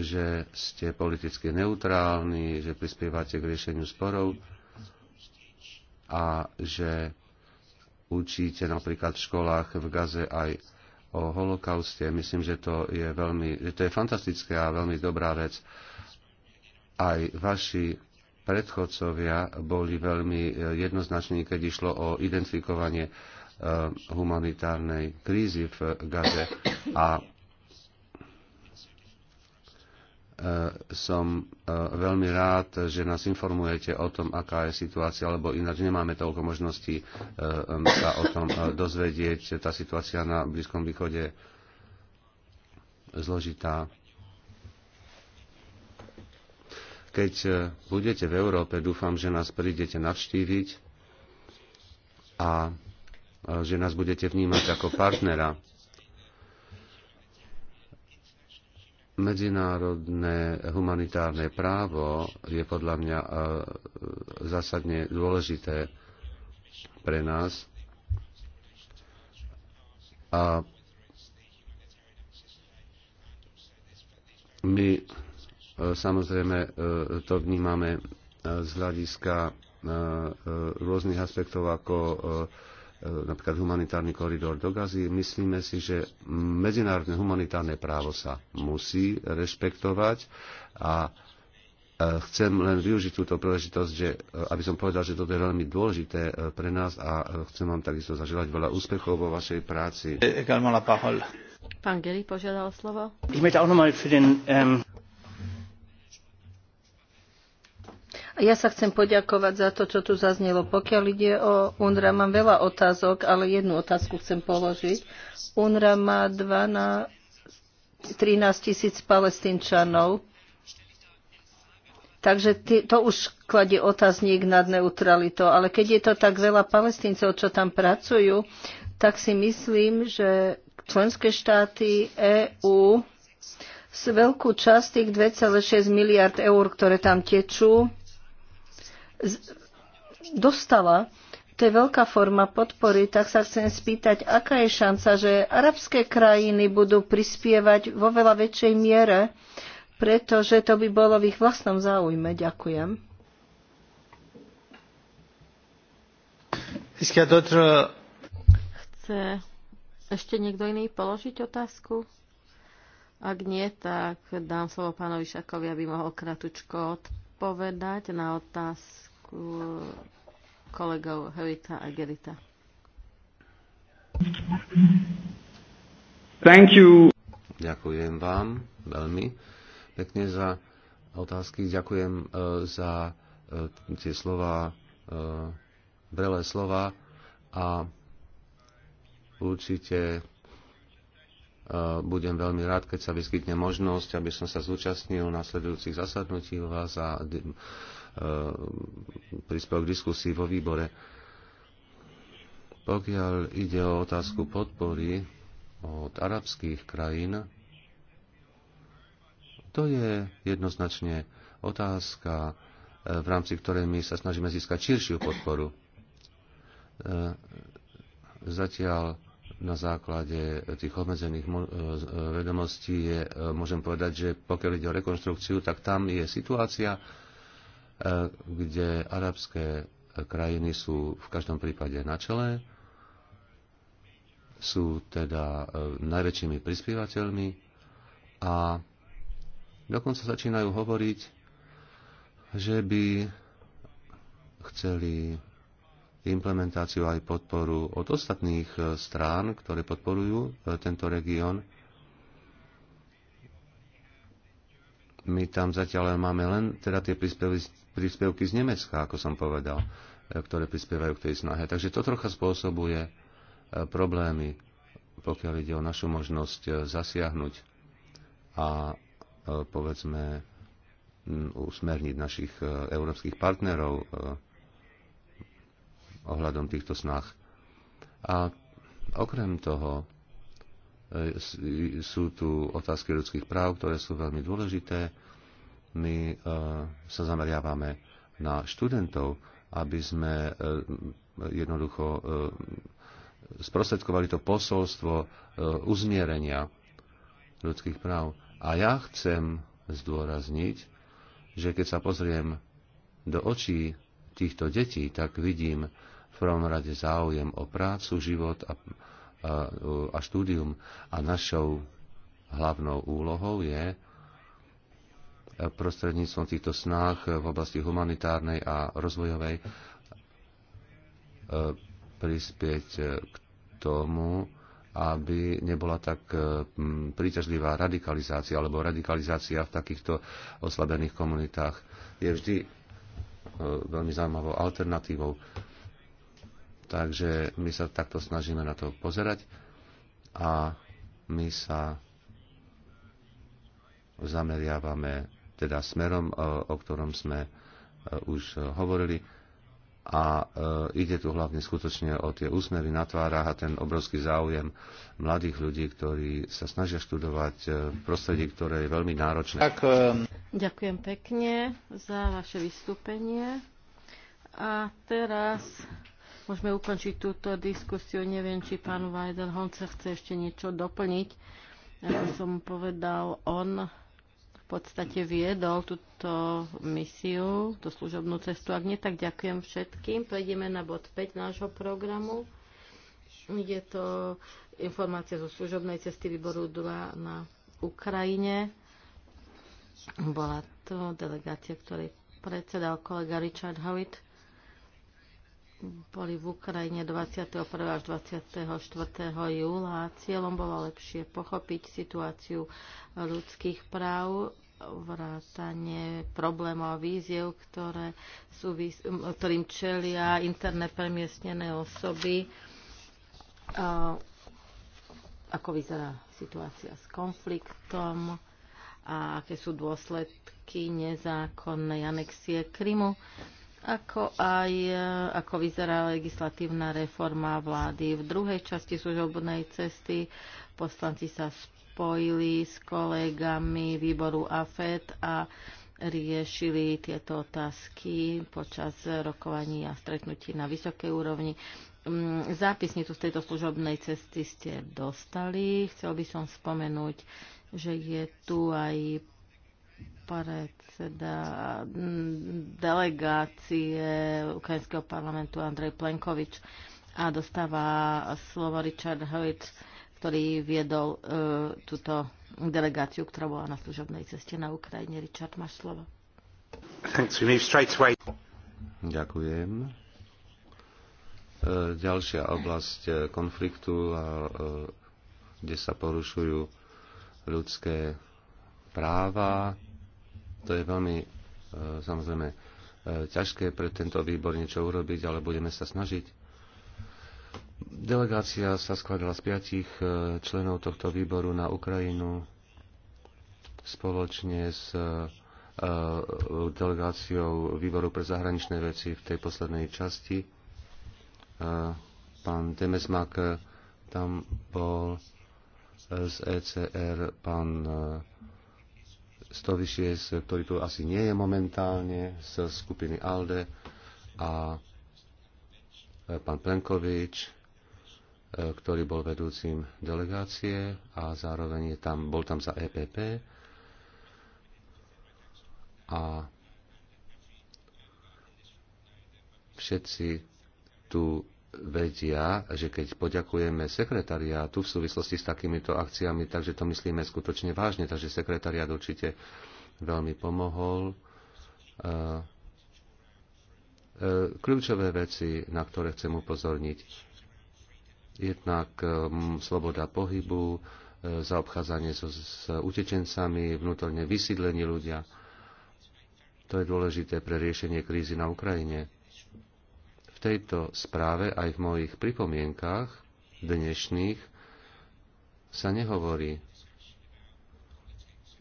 že ste politicky neutrálni, že prispievate k riešeniu sporov a že učíte napríklad v školách v Gaze aj o holokauste. Myslím, že to je, veľmi, že to je fantastická a veľmi dobrá vec. Aj vaši predchodcovia boli veľmi e, jednoznační, keď išlo o identifikovanie Eh, humanitárnej krízy v Gaze a eh, som eh, veľmi rád, že nás informujete o tom, aká je situácia, lebo ináč nemáme toľko možností sa o tom dozvedieť. Tá situácia na Blízkom východe zložitá. Keď budete v Európe, dúfam, že nás prídete navštíviť a že nás budete vnímať ako partnera. Medzinárodné humanitárne právo je podľa mňa e, zásadne dôležité pre nás. A my e, samozrejme e, to vnímame z hľadiska rôznych aspektov ako E, napríklad humanitárny koridor do Gazy. Myslíme si, že medzinárodné humanitárne právo sa musí rešpektovať a e, chcem len využiť túto príležitosť, že, e, aby som povedal, že toto je veľmi dôležité pre nás a chcem vám takisto zaželať veľa úspechov vo vašej práci. Pán Geli požiadal slovo. Ich möchte auch nochmal für den, ähm... Ja sa chcem poďakovať za to, čo tu zaznelo. Pokiaľ ide o UNRA, mám veľa otázok, ale jednu otázku chcem položiť. UNRA má 12, 13 tisíc palestínčanov, takže to už kladie otáznik nad neutralitou. Ale keď je to tak veľa palestíncov, čo tam pracujú, tak si myslím, že členské štáty EÚ s veľkú časť tých 2,6 miliard eur, ktoré tam tečú, dostala. To je veľká forma podpory, tak sa chcem spýtať, aká je šanca, že arabské krajiny budú prispievať vo veľa väčšej miere, pretože to by bolo v ich vlastnom záujme. Ďakujem. Chce ešte niekto iný položiť otázku? Ak nie, tak dám slovo pánovi Šakovi, aby mohol kratučko odpovedať na otázku kolegov Helita a Gerita. Thank you. Ďakujem vám veľmi pekne za otázky. Ďakujem e, za e, tie slova, e, brelé slova a určite budem veľmi rád, keď sa vyskytne možnosť, aby som sa zúčastnil na sledujúcich zasadnutí vás a E, prispel k diskusii vo výbore. Pokiaľ ide o otázku podpory od arabských krajín, to je jednoznačne otázka, e, v rámci ktorej my sa snažíme získať širšiu podporu. E, zatiaľ na základe tých obmedzených vedomostí je, môžem povedať, že pokiaľ ide o rekonstrukciu, tak tam je situácia E, kde arabské krajiny sú v každom prípade na čele, sú teda e, najväčšími prispievateľmi a dokonca začínajú hovoriť, že by chceli implementáciu aj podporu od ostatných e, strán, ktoré podporujú tento región. My tam zatiaľ máme len teda tie príspevky z Nemecka, ako som povedal, e, ktoré prispievajú k tej snahe. Takže to trocha spôsobuje e, problémy, pokiaľ ide o našu možnosť e, zasiahnuť a povedzme usmerniť našich európskych partnerov ohľadom týchto snah. A okrem toho sú tu otázky ľudských práv, ktoré sú veľmi dôležité my e, sa zameriavame na študentov, aby sme e, jednoducho e, sprostredkovali to posolstvo uzmierenia ľudských práv. A ja chcem zdôrazniť, že keď sa pozriem do očí týchto detí, tak vidím v prvom rade záujem o prácu, život a, a, a štúdium. A našou hlavnou úlohou je prostredníctvom týchto snách v oblasti humanitárnej a rozvojovej e, prispieť k tomu, aby nebola tak e, príťažlivá radikalizácia alebo radikalizácia v takýchto oslabených komunitách. Je vždy e, veľmi zaujímavou alternatívou. Takže my sa takto snažíme na to pozerať a my sa zameriavame teda smerom, e, o ktorom sme e, už hovorili. A e, ide tu hlavne skutočne o tie úsmevy na tvárach a ten obrovský záujem mladých ľudí, ktorí sa snažia študovať v prostredí, ktoré je veľmi náročné. Ďakujem pekne za vaše vystúpenie. A teraz môžeme ukončiť túto diskusiu. Neviem, či pán Weidelhon sa chce ešte niečo doplniť. Ako som povedal, on podstate viedol túto misiu, tú služobnú cestu. Ak nie, tak ďakujem všetkým. Prejdeme na bod 5 nášho programu. Je to informácia zo služobnej cesty výboru 2 na Ukrajine. Bola to delegácia, ktorej predsedal kolega Richard Howitt boli v Ukrajine 21. až 24. júla. Cieľom bolo lepšie pochopiť situáciu ľudských práv, vrátanie problémov a víziev, ktoré sú, ktorým čelia interné premiestnené osoby. A ako vyzerá situácia s konfliktom a aké sú dôsledky nezákonnej anexie Krymu ako aj e, ako vyzerá legislatívna reforma vlády. V druhej časti služobnej cesty poslanci sa spojili s kolegami výboru AFED a riešili tieto otázky počas rokovaní a stretnutí na vysokej úrovni. Mm, zápisnicu z tejto služobnej cesty ste dostali. Chcel by som spomenúť, že je tu aj predseda mm, delegácie Ukrajinského parlamentu Andrej Plenkovič a dostáva slovo Richard Hovic, ktorý viedol uh, túto delegáciu, ktorá bola na služobnej ceste na Ukrajine. Richard, máš slovo. Ďakujem. E, ďalšia oblasť e, konfliktu, a, kde sa porušujú ľudské práva, to je veľmi e, samozrejme e, ťažké pre tento výbor niečo urobiť, ale budeme sa snažiť. Delegácia sa skladala z piatich e, členov tohto výboru na Ukrajinu spoločne s delegáciou výboru pre zahraničné veci v tej poslednej časti. Pán Demesmak tam bol z ECR, pán Stovišies, ktorý tu asi nie je momentálne, z skupiny ALDE a e, pán Plenkovič, e, ktorý bol vedúcim delegácie a zároveň je tam, bol tam za EPP a všetci tu vedia, že keď poďakujeme sekretariátu v súvislosti s takýmito akciami, takže to myslíme skutočne vážne, takže sekretariát určite veľmi pomohol. E, kľúčové veci, na ktoré chcem upozorniť, jednak e, sloboda pohybu, e, zaobchádzanie so, s utečencami, vnútorne vysídlení ľudia. To je dôležité pre riešenie krízy na Ukrajine. V tejto správe aj v mojich pripomienkách dnešných sa nehovorí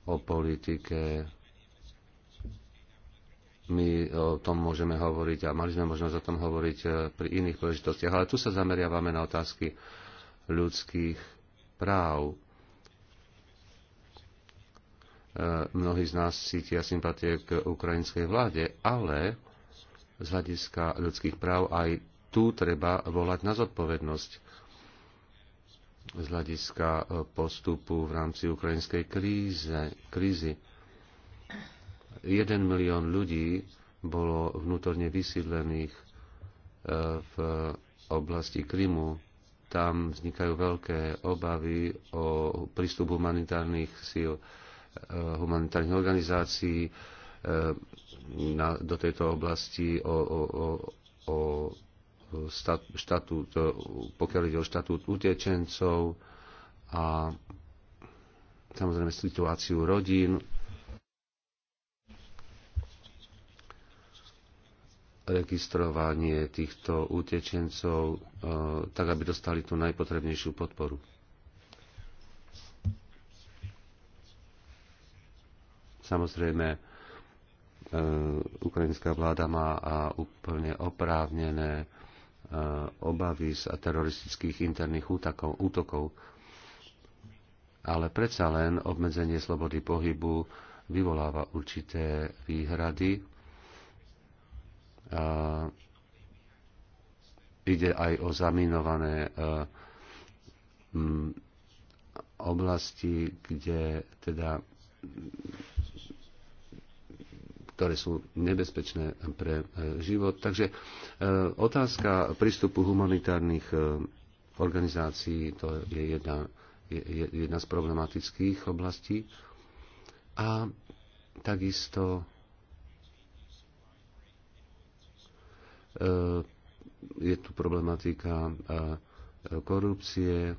o politike. My o tom môžeme hovoriť a mali sme možnosť o tom hovoriť e, pri iných príležitostiach, ale tu sa zameriavame na otázky ľudských práv. E, mnohí z nás cítia sympatie k ukrajinskej vláde, ale z hľadiska ľudských práv. Aj tu treba volať na zodpovednosť z hľadiska e, postupu v rámci ukrajinskej kríze, krízy. Jeden milión ľudí bolo vnútorne vysídlených e, v oblasti Krymu. Tam vznikajú veľké obavy o prístup humanitárnych síl, e, humanitárnych organizácií, E, na, do tejto oblasti o, o, o, o stat, štatút, e, pokiaľ ide o štatút utečencov a samozrejme situáciu rodín. registrovanie týchto utečencov, e, tak aby dostali tú najpotrebnejšiu podporu. Samozrejme, E, ukrajinská vláda má a úplne oprávnené e, obavy z teroristických interných útakov, útokov. Ale predsa len obmedzenie slobody pohybu vyvoláva určité výhrady. A ide aj o zaminované e, oblasti, kde teda ktoré sú nebezpečné pre e, život. Takže e, otázka prístupu humanitárnych e, organizácií to je jedna, je jedna z problematických oblastí. A takisto je tu problematika korupcie,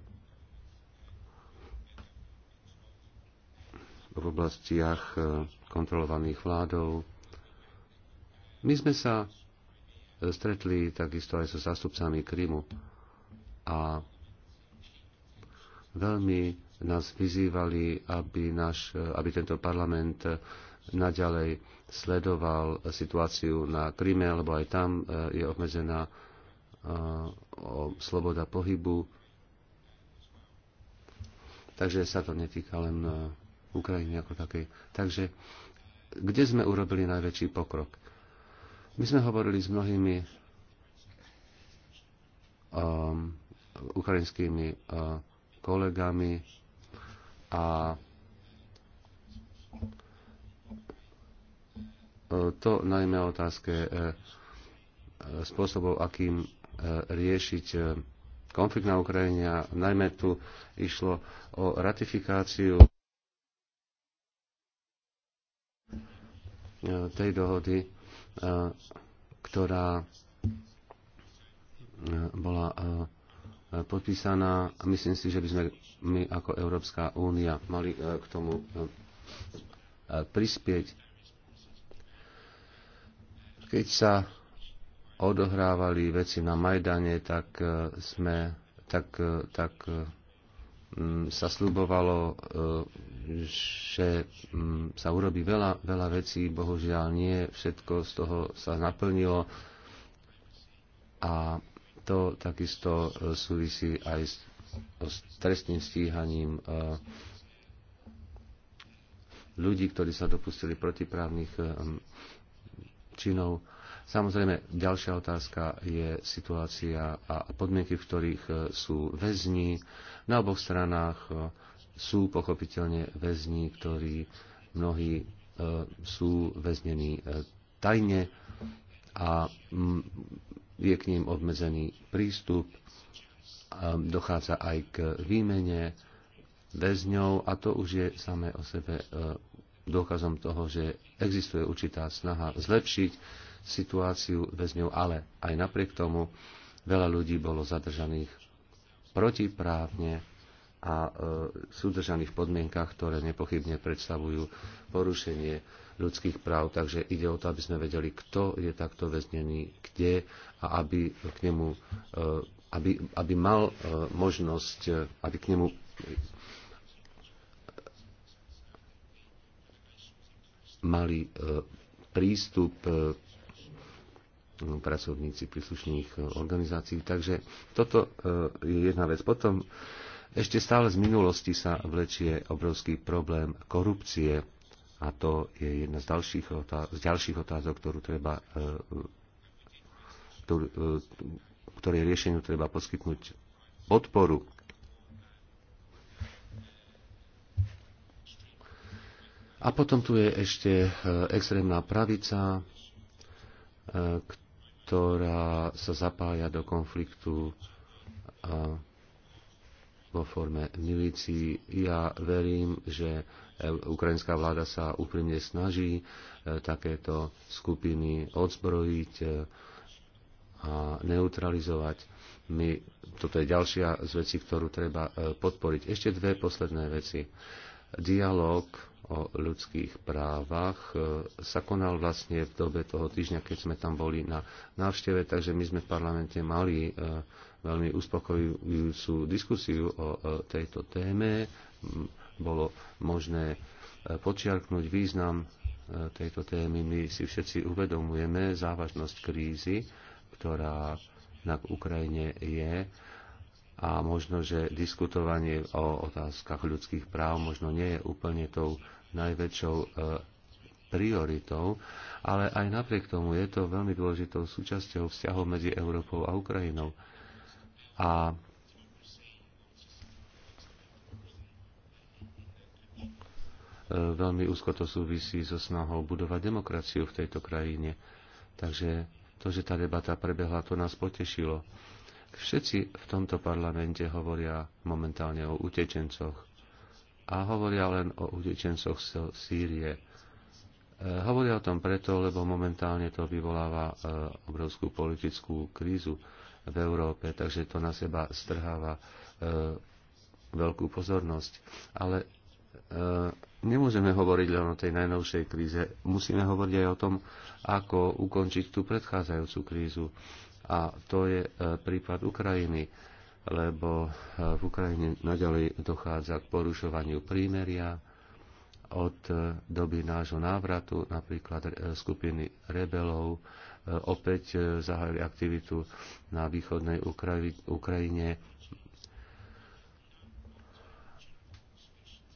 v oblastiach e, kontrolovaných vládou. My sme sa e, stretli takisto aj so zástupcami Krymu a veľmi nás vyzývali, aby, naš, e, aby tento parlament naďalej sledoval situáciu na Kryme, lebo aj tam je obmedzená sloboda pohybu. Takže sa to netýka len Ukrajiny ako takej. Takže kde sme urobili najväčší pokrok? My sme hovorili s mnohými um, ukrajinskými um, kolegami a uh, to najmä o otázke uh, spôsobov, akým riešiť konflikt na Ukrajine a najmä tu išlo o ratifikáciu E, tej dohody, e, ktorá e, bola podpísaná. Myslím si, že by sme my ako Európska únia mali k tomu prispieť. Keď sa odohrávali veci na Majdane, tak sme tak, tak Mm, sa slubovalo, e, že mm, sa urobí veľa, veľa vecí, bohužiaľ nie, všetko z toho sa naplnilo a to takisto e, súvisí aj s, s trestným stíhaním e, ľudí, ktorí sa dopustili protiprávnych činov. Samozrejme, ďalšia otázka je situácia a podmienky, v ktorých e, sú väzni. Na oboch stranách e, sú pochopiteľne väzni, ktorí mnohí e, sú väznení tajne a je k ním obmedzený prístup. Dochádza aj k výmene väzňov a to už je samé o sebe dôkazom toho, že existuje určitá snaha zlepšiť situáciu väzňov, ale aj napriek tomu veľa ľudí bolo zadržaných protiprávne a e, sú držaní v podmienkach, ktoré nepochybne predstavujú porušenie ľudských práv. Takže ide o to, aby sme vedeli, kto je takto väznený, kde a aby k nemu, e, aby, aby mal e, možnosť, e, aby k nemu mali e, prístup e, No, pracovníci príslušných e, organizácií. Takže toto e, je jedna vec. Potom ešte stále z minulosti sa vlečie obrovský problém korupcie a to je jedna z ďalších, otázok, z ďalších otázok, ktorú treba, e, ktorú, ktorej riešeniu treba poskytnúť podporu. A potom tu je ešte extrémna pravica, ktorá sa zapája do konfliktu vo forme milícií. Ja verím, že e, ukrajinská vláda sa úprimne snaží e, takéto skupiny odzbrojiť e, a neutralizovať. My, toto je ďalšia z vecí, ktorú treba podporiť. Ešte dve posledné veci dialog o ľudských právach e, sa konal vlastne v dobe toho týždňa, keď sme tam boli na návšteve, takže my sme v parlamente mali e, veľmi uspokojujúcu diskusiu o e, tejto téme. Bolo možné počiarknúť význam tejto témy. My si všetci uvedomujeme závažnosť krízy, ktorá na Ukrajine je a možno, že diskutovanie o otázkach ľudských práv možno nie je úplne tou najväčšou e, prioritou, ale aj napriek tomu je to veľmi dôležitou súčasťou vzťahov medzi Európou a Ukrajinou. A e, veľmi úzko to súvisí so snahou budovať demokraciu v tejto krajine. Takže to, že tá debata prebehla, to nás potešilo. Všetci v tomto parlamente hovoria momentálne o utečencoch a hovoria len o utečencoch z Sýrie. E, hovoria o tom preto, lebo momentálne to vyvoláva e, obrovskú politickú krízu v Európe, takže to na seba strháva e, veľkú pozornosť. Ale nemôžeme hovoriť len o tej najnovšej kríze. Musíme hovoriť aj o tom, ako ukončiť tú predchádzajúcu krízu. A to je e, prípad Ukrajiny, lebo e, v Ukrajine naďalej dochádza k porušovaniu prímeria od e, doby nášho návratu, napríklad skupiny rebelov opäť zahájili aktivitu na východnej Ukrajine,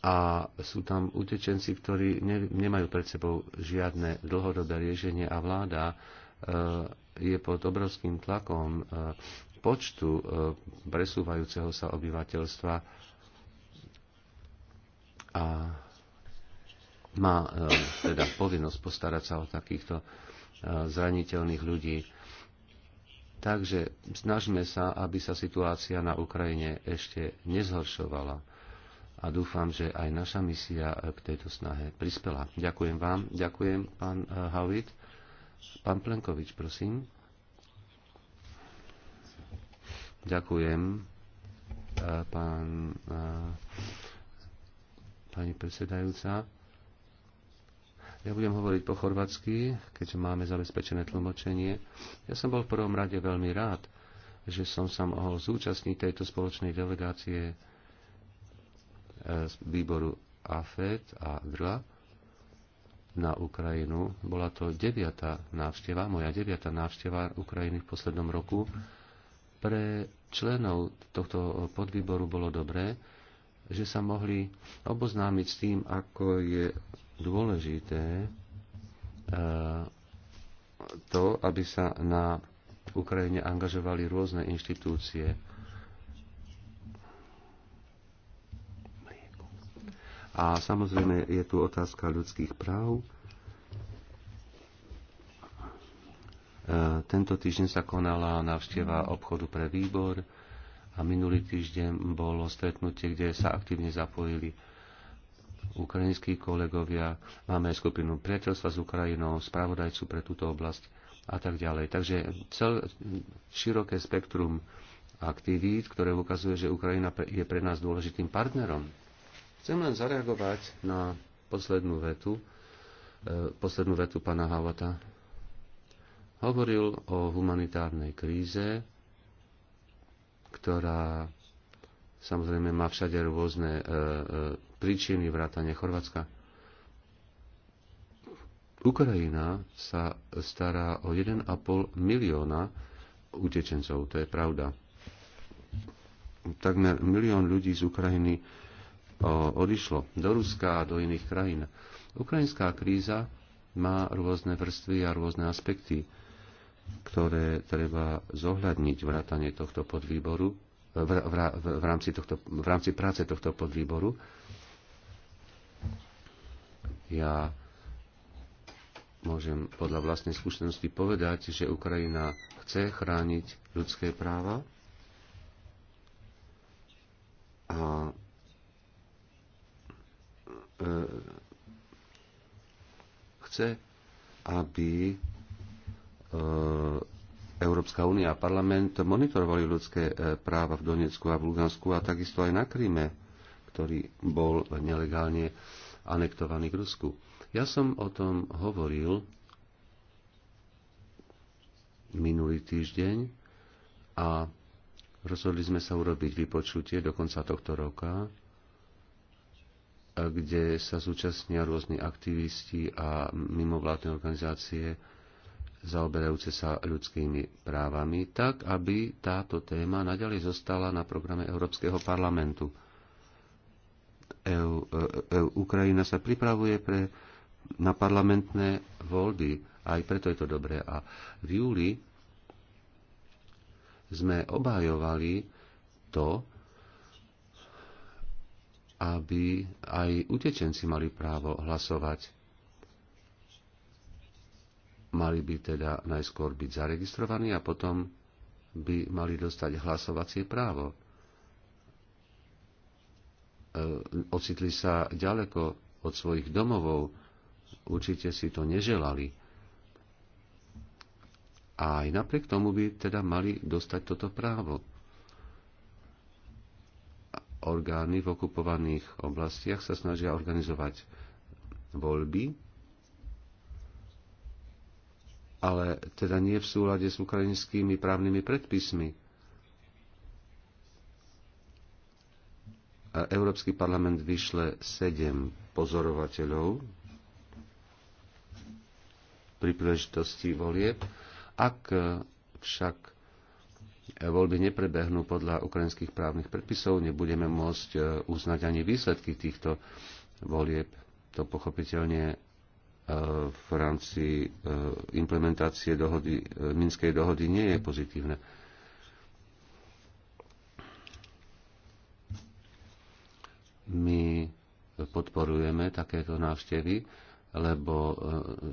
a sú tam utečenci, ktorí nemajú pred sebou žiadne dlhodobé riešenie a vláda E, je pod obrovským tlakom e, počtu e, presúvajúceho sa obyvateľstva a má teda povinnosť postarať sa o takýchto zraniteľných ľudí. Takže snažme sa, aby sa situácia na Ukrajine ešte nezhoršovala. A dúfam, že aj naša misia k tejto snahe prispela. Ďakujem vám, ďakujem pán Howitt. Pán Plenkovič, prosím. Ďakujem, e, pán, e, pani predsedajúca. Ja budem hovoriť po chorvatsky, keďže máme zabezpečené tlmočenie. Ja som bol v prvom rade veľmi rád, že som sa mohol zúčastniť tejto spoločnej delegácie e, z výboru AFED a DRLA na Ukrajinu. Bola to deviatá návšteva, moja deviatá návšteva Ukrajiny v poslednom roku. Pre členov tohto podvýboru bolo dobré, že sa mohli oboznámiť s tým, ako je dôležité eh, to, aby sa na Ukrajine angažovali rôzne inštitúcie A samozrejme je tu otázka ľudských práv. E, tento týždeň sa konala návšteva obchodu pre výbor a minulý týždeň bolo stretnutie, kde sa aktívne zapojili ukrajinskí kolegovia, máme skupinu priateľstva s Ukrajinou, spravodajcu pre túto oblasť a tak ďalej. Takže cel, široké spektrum aktivít, ktoré ukazuje, že Ukrajina je pre nás dôležitým partnerom Chcem len zareagovať na poslednú vetu, e, poslednú vetu pana Havata. Hovoril o humanitárnej kríze, ktorá samozrejme má všade rôzne e, e, príčiny vrátane Chorvátska. Ukrajina sa stará o 1,5 milióna utečencov, to je pravda. Takmer milión ľudí z Ukrajiny odišlo do Ruska a do iných krajín. Ukrajinská kríza má rôzne vrstvy a rôzne aspekty, ktoré treba zohľadniť vrátanie tohto podvýboru, v, v, v, v, rámci tohto, v rámci práce tohto podvýboru. Ja môžem podľa vlastnej skúsenosti povedať, že Ukrajina chce chrániť ľudské práva a E, chce, aby e, Európska únia a parlament monitorovali ľudské e, práva v Donecku a v Lugansku a takisto aj na Kríme, ktorý bol nelegálne anektovaný k Rusku. Ja som o tom hovoril minulý týždeň a rozhodli sme sa urobiť vypočutie do konca tohto roka kde sa zúčastnia rôzni aktivisti a mimovládne organizácie zaoberajúce sa ľudskými právami, tak aby táto téma naďalej zostala na programe Európskeho parlamentu. EU, e, e, Ukrajina sa pripravuje pre, na parlamentné voľby, aj preto je to dobré. A v júli sme obhajovali to, aby aj utečenci mali právo hlasovať. Mali by teda najskôr byť zaregistrovaní a potom by mali dostať hlasovacie právo. E, ocitli sa ďaleko od svojich domovov, určite si to neželali. A aj napriek tomu by teda mali dostať toto právo orgány v okupovaných oblastiach sa snažia organizovať voľby, ale teda nie v súlade s ukrajinskými právnymi predpismi. Európsky parlament vyšle sedem pozorovateľov pri príležitosti volieb. Ak však voľby neprebehnú podľa ukrajinských právnych predpisov, nebudeme môcť e, uznať ani výsledky týchto volieb. To pochopiteľne e, v rámci e, implementácie dohody, Minskej dohody nie je pozitívne. My podporujeme takéto návštevy, lebo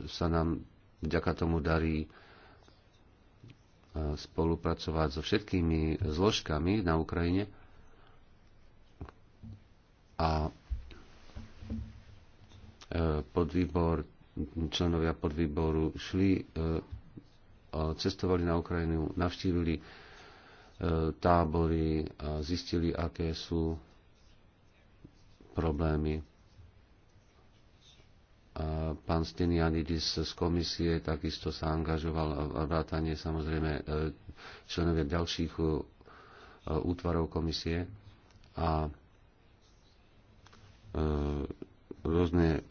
sa nám vďaka tomu darí spolupracovať so všetkými zložkami na Ukrajine a e, podvýbor, členovia podvýboru šli, e, cestovali na Ukrajinu, navštívili e, tábory a zistili, aké sú problémy. Pán Stenianidis z komisie takisto sa angažoval vrátanie samozrejme e, členovia ďalších e, útvarov komisie a e, rôzne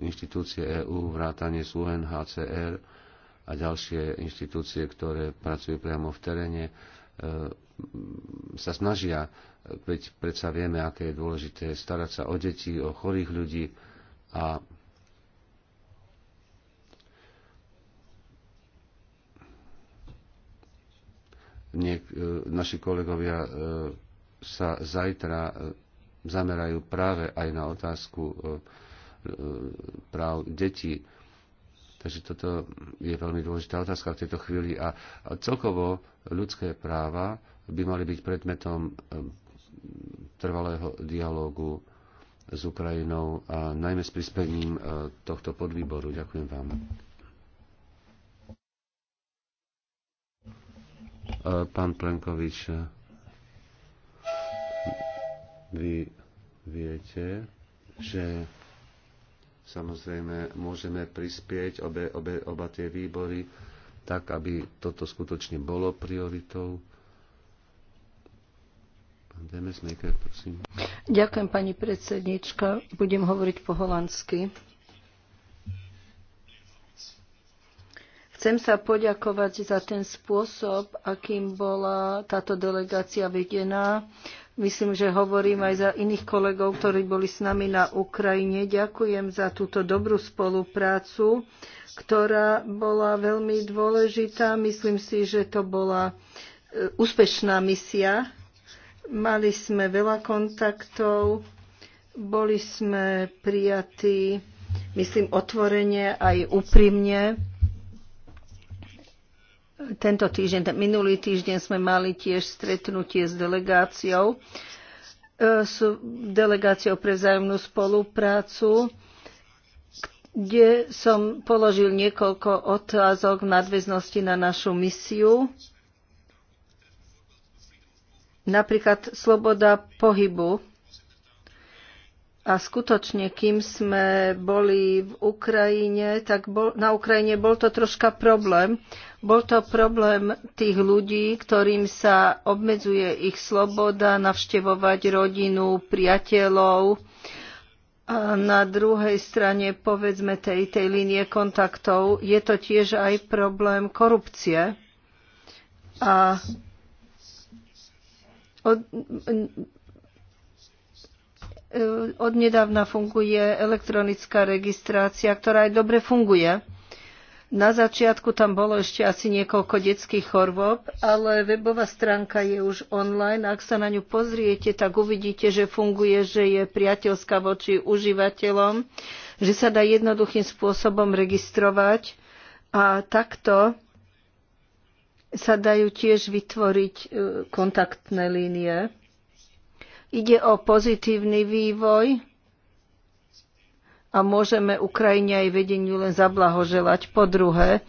inštitúcie EÚ, vrátanie z UNHCR a ďalšie inštitúcie, ktoré pracujú priamo v teréne, sa snažia, veď predsa vieme, aké je dôležité starať sa o deti, o chorých ľudí a Niek- e, naši kolegovia e, sa zajtra e, zamerajú práve aj na otázku práv detí. Takže toto je veľmi dôležitá otázka v tejto chvíli a celkovo ľudské práva by mali byť predmetom trvalého dialógu s Ukrajinou a najmä s prispením tohto podvýboru. Ďakujem vám. Eh, pán Plenkovič, eh, vy viete, že samozrejme môžeme prispieť obe, obe, oba tie výbory tak, aby toto skutočne bolo prioritou. Pán Demesmaker, prosím. Ďakujem, pani predsednička. Budem hovoriť po holandsky. Chcem sa poďakovať za ten spôsob, akým bola táto delegácia vedená. Myslím, že hovorím aj za iných kolegov, ktorí boli s nami na Ukrajine. Ďakujem za túto dobrú spoluprácu, ktorá bola veľmi dôležitá. Myslím si, že to bola e, úspešná misia. Mali sme veľa kontaktov, boli sme prijatí, myslím, otvorene aj úprimne tento týždeň, minulý týždeň sme mali tiež stretnutie s delegáciou, e, s delegáciou pre vzájomnú spoluprácu, kde som položil niekoľko otázok v nadväznosti na našu misiu. Napríklad sloboda pohybu. A skutočne, kým sme boli v Ukrajine, tak bol, na Ukrajine bol to troška problém, bol to problém tých ľudí, ktorým sa obmedzuje ich sloboda navštevovať rodinu, priateľov. A na druhej strane, povedzme, tej, tej línie kontaktov je to tiež aj problém korupcie. A od, e, od nedávna funguje elektronická registrácia, ktorá aj dobre funguje na začiatku tam bolo ešte asi niekoľko detských chorôb, ale webová stránka je už online. Ak sa na ňu pozriete, tak uvidíte, že funguje, že je priateľská voči užívateľom, že sa dá jednoduchým spôsobom registrovať a takto sa dajú tiež vytvoriť e, kontaktné línie. Ide o pozitívny vývoj, a môžeme Ukrajine aj vedeniu len zablahoželať. Po druhé,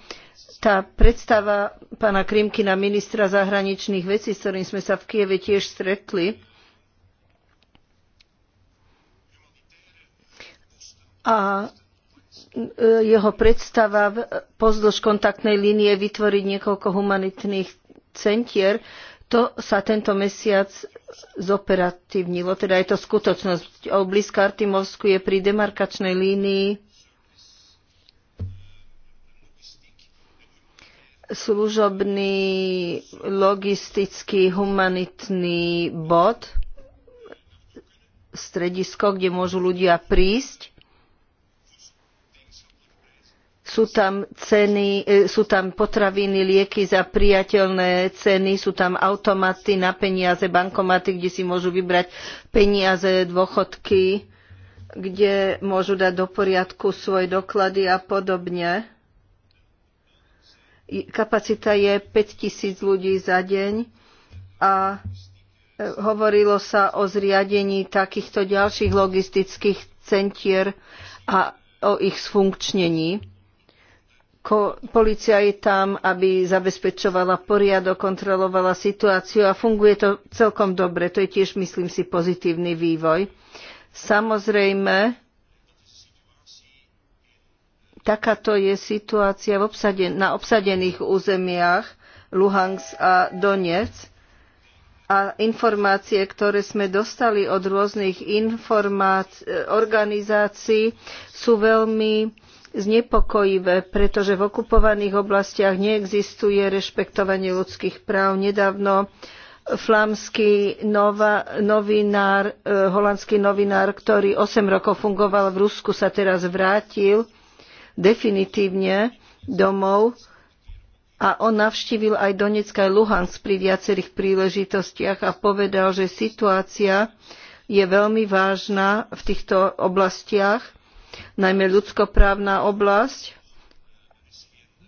tá predstava pána Krimkina, ministra zahraničných vecí, s ktorým sme sa v Kieve tiež stretli, a e, jeho predstava pozdĺž kontaktnej línie vytvoriť niekoľko humanitných centier, to sa tento mesiac zoperatívnilo, teda je to skutočnosť. Oblízka Artimovsku je pri demarkačnej línii služobný, logistický, humanitný bod, stredisko, kde môžu ľudia prísť sú tam, ceny, e, sú tam potraviny, lieky za prijateľné ceny, sú tam automaty na peniaze, bankomaty, kde si môžu vybrať peniaze, dôchodky, kde môžu dať do poriadku svoje doklady a podobne. Kapacita je 5000 ľudí za deň a e, hovorilo sa o zriadení takýchto ďalších logistických centier a o ich sfunkčnení Polícia je tam, aby zabezpečovala poriadok, kontrolovala situáciu a funguje to celkom dobre. To je tiež, myslím si, pozitívny vývoj. Samozrejme, takáto je situácia na obsadených územiach Luhansk a Donec. a informácie, ktoré sme dostali od rôznych organizácií, sú veľmi znepokojivé, pretože v okupovaných oblastiach neexistuje rešpektovanie ľudských práv. Nedávno flámsky nova, novinár, e, holandský novinár, ktorý 8 rokov fungoval v Rusku, sa teraz vrátil definitívne domov a on navštívil aj Donetsk aj Luhansk pri viacerých príležitostiach a povedal, že situácia je veľmi vážna v týchto oblastiach najmä ľudskoprávna oblasť.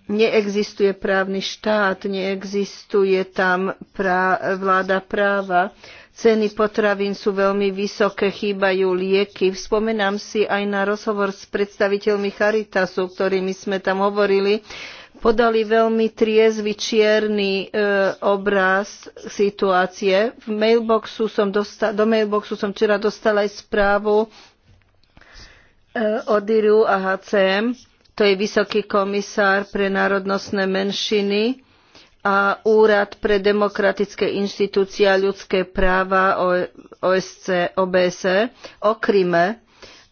Neexistuje právny štát, neexistuje tam prá- vláda práva. Ceny potravín sú veľmi vysoké, chýbajú lieky. Vspomenám si aj na rozhovor s predstaviteľmi Charitasu, ktorými sme tam hovorili, podali veľmi triezvy čierny e, obraz situácie. V mailboxu som dosta- do mailboxu som včera dostala aj správu Eh, Odiru a HCM, to je Vysoký komisár pre národnostné menšiny a Úrad pre demokratické inštitúcie a ľudské práva OSC, OBSE o Kryme.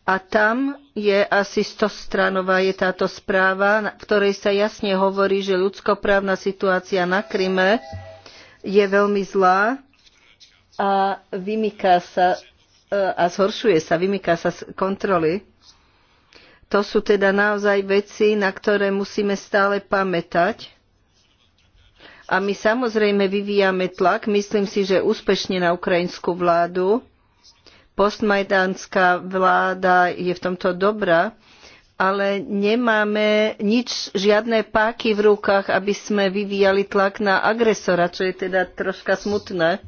A tam je asi 100 stranová je táto správa, v ktorej sa jasne hovorí, že ľudskoprávna situácia na Kryme je veľmi zlá a vymyká sa eh, a zhoršuje sa, vymyká sa z kontroly. To sú teda naozaj veci, na ktoré musíme stále pamätať. A my samozrejme vyvíjame tlak, myslím si, že úspešne na ukrajinskú vládu. Postmajdánska vláda je v tomto dobrá, ale nemáme nič, žiadne páky v rukách, aby sme vyvíjali tlak na agresora, čo je teda troška smutné.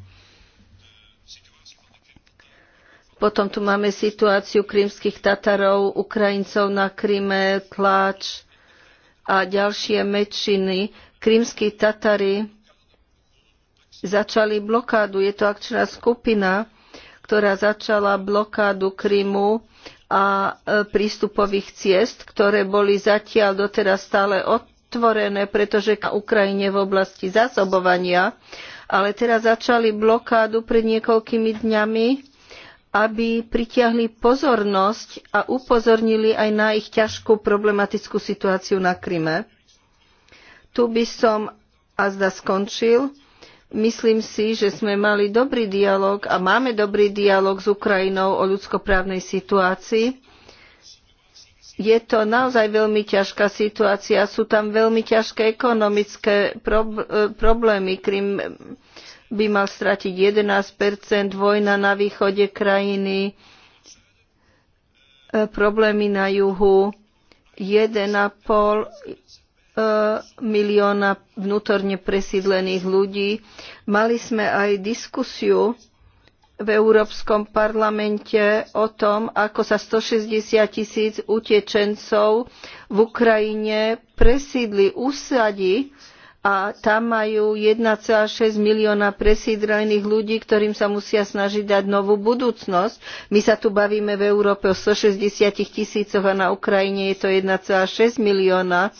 Potom tu máme situáciu krímskych Tatarov, Ukrajincov na Kryme, tláč a ďalšie mečiny. Krímsky Tatari začali blokádu. Je to akčná skupina, ktorá začala blokádu Krymu a e, prístupových ciest, ktoré boli zatiaľ doteraz stále otvorené, pretože na Ukrajine v oblasti zásobovania. Ale teraz začali blokádu pred niekoľkými dňami aby pritiahli pozornosť a upozornili aj na ich ťažkú problematickú situáciu na Kryme. Tu by som azda skončil. Myslím si, že sme mali dobrý dialog a máme dobrý dialog s Ukrajinou o ľudskoprávnej situácii. Je to naozaj veľmi ťažká situácia, sú tam veľmi ťažké ekonomické eh, problémy. Krym by mal stratiť 11 vojna na východe krajiny, e, problémy na juhu, 1,5 e, milióna vnútorne presídlených ľudí. Mali sme aj diskusiu v Európskom parlamente o tom, ako sa 160 tisíc utečencov v Ukrajine presídli, usadí a tam majú 1,6 milióna presídlených ľudí, ktorým sa musia snažiť dať novú budúcnosť. My sa tu bavíme v Európe o 160 tisícoch a na Ukrajine je to 1,6 milióna.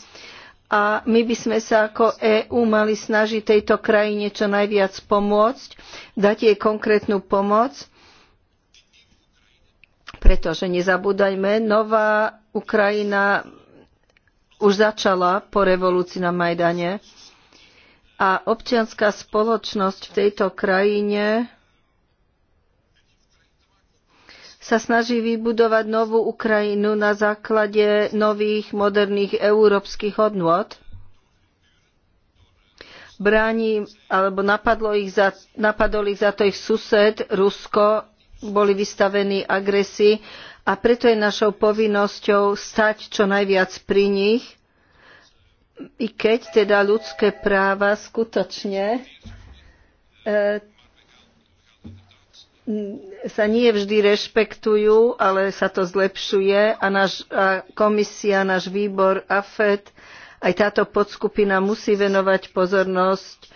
A my by sme sa ako EÚ mali snažiť tejto krajine čo najviac pomôcť, dať jej konkrétnu pomoc, pretože nezabúdajme, nová Ukrajina už začala po revolúcii na Majdane a občianská spoločnosť v tejto krajine sa snaží vybudovať novú Ukrajinu na základe nových moderných európskych hodnôt. Bráni, alebo napadlo ich za, napadol ich za to ich sused, Rusko, boli vystavení agresii a preto je našou povinnosťou stať čo najviac pri nich i keď teda ľudské práva skutočne e, sa nie vždy rešpektujú, ale sa to zlepšuje a, náš, a komisia, náš výbor AFED, aj táto podskupina musí venovať pozornosť e,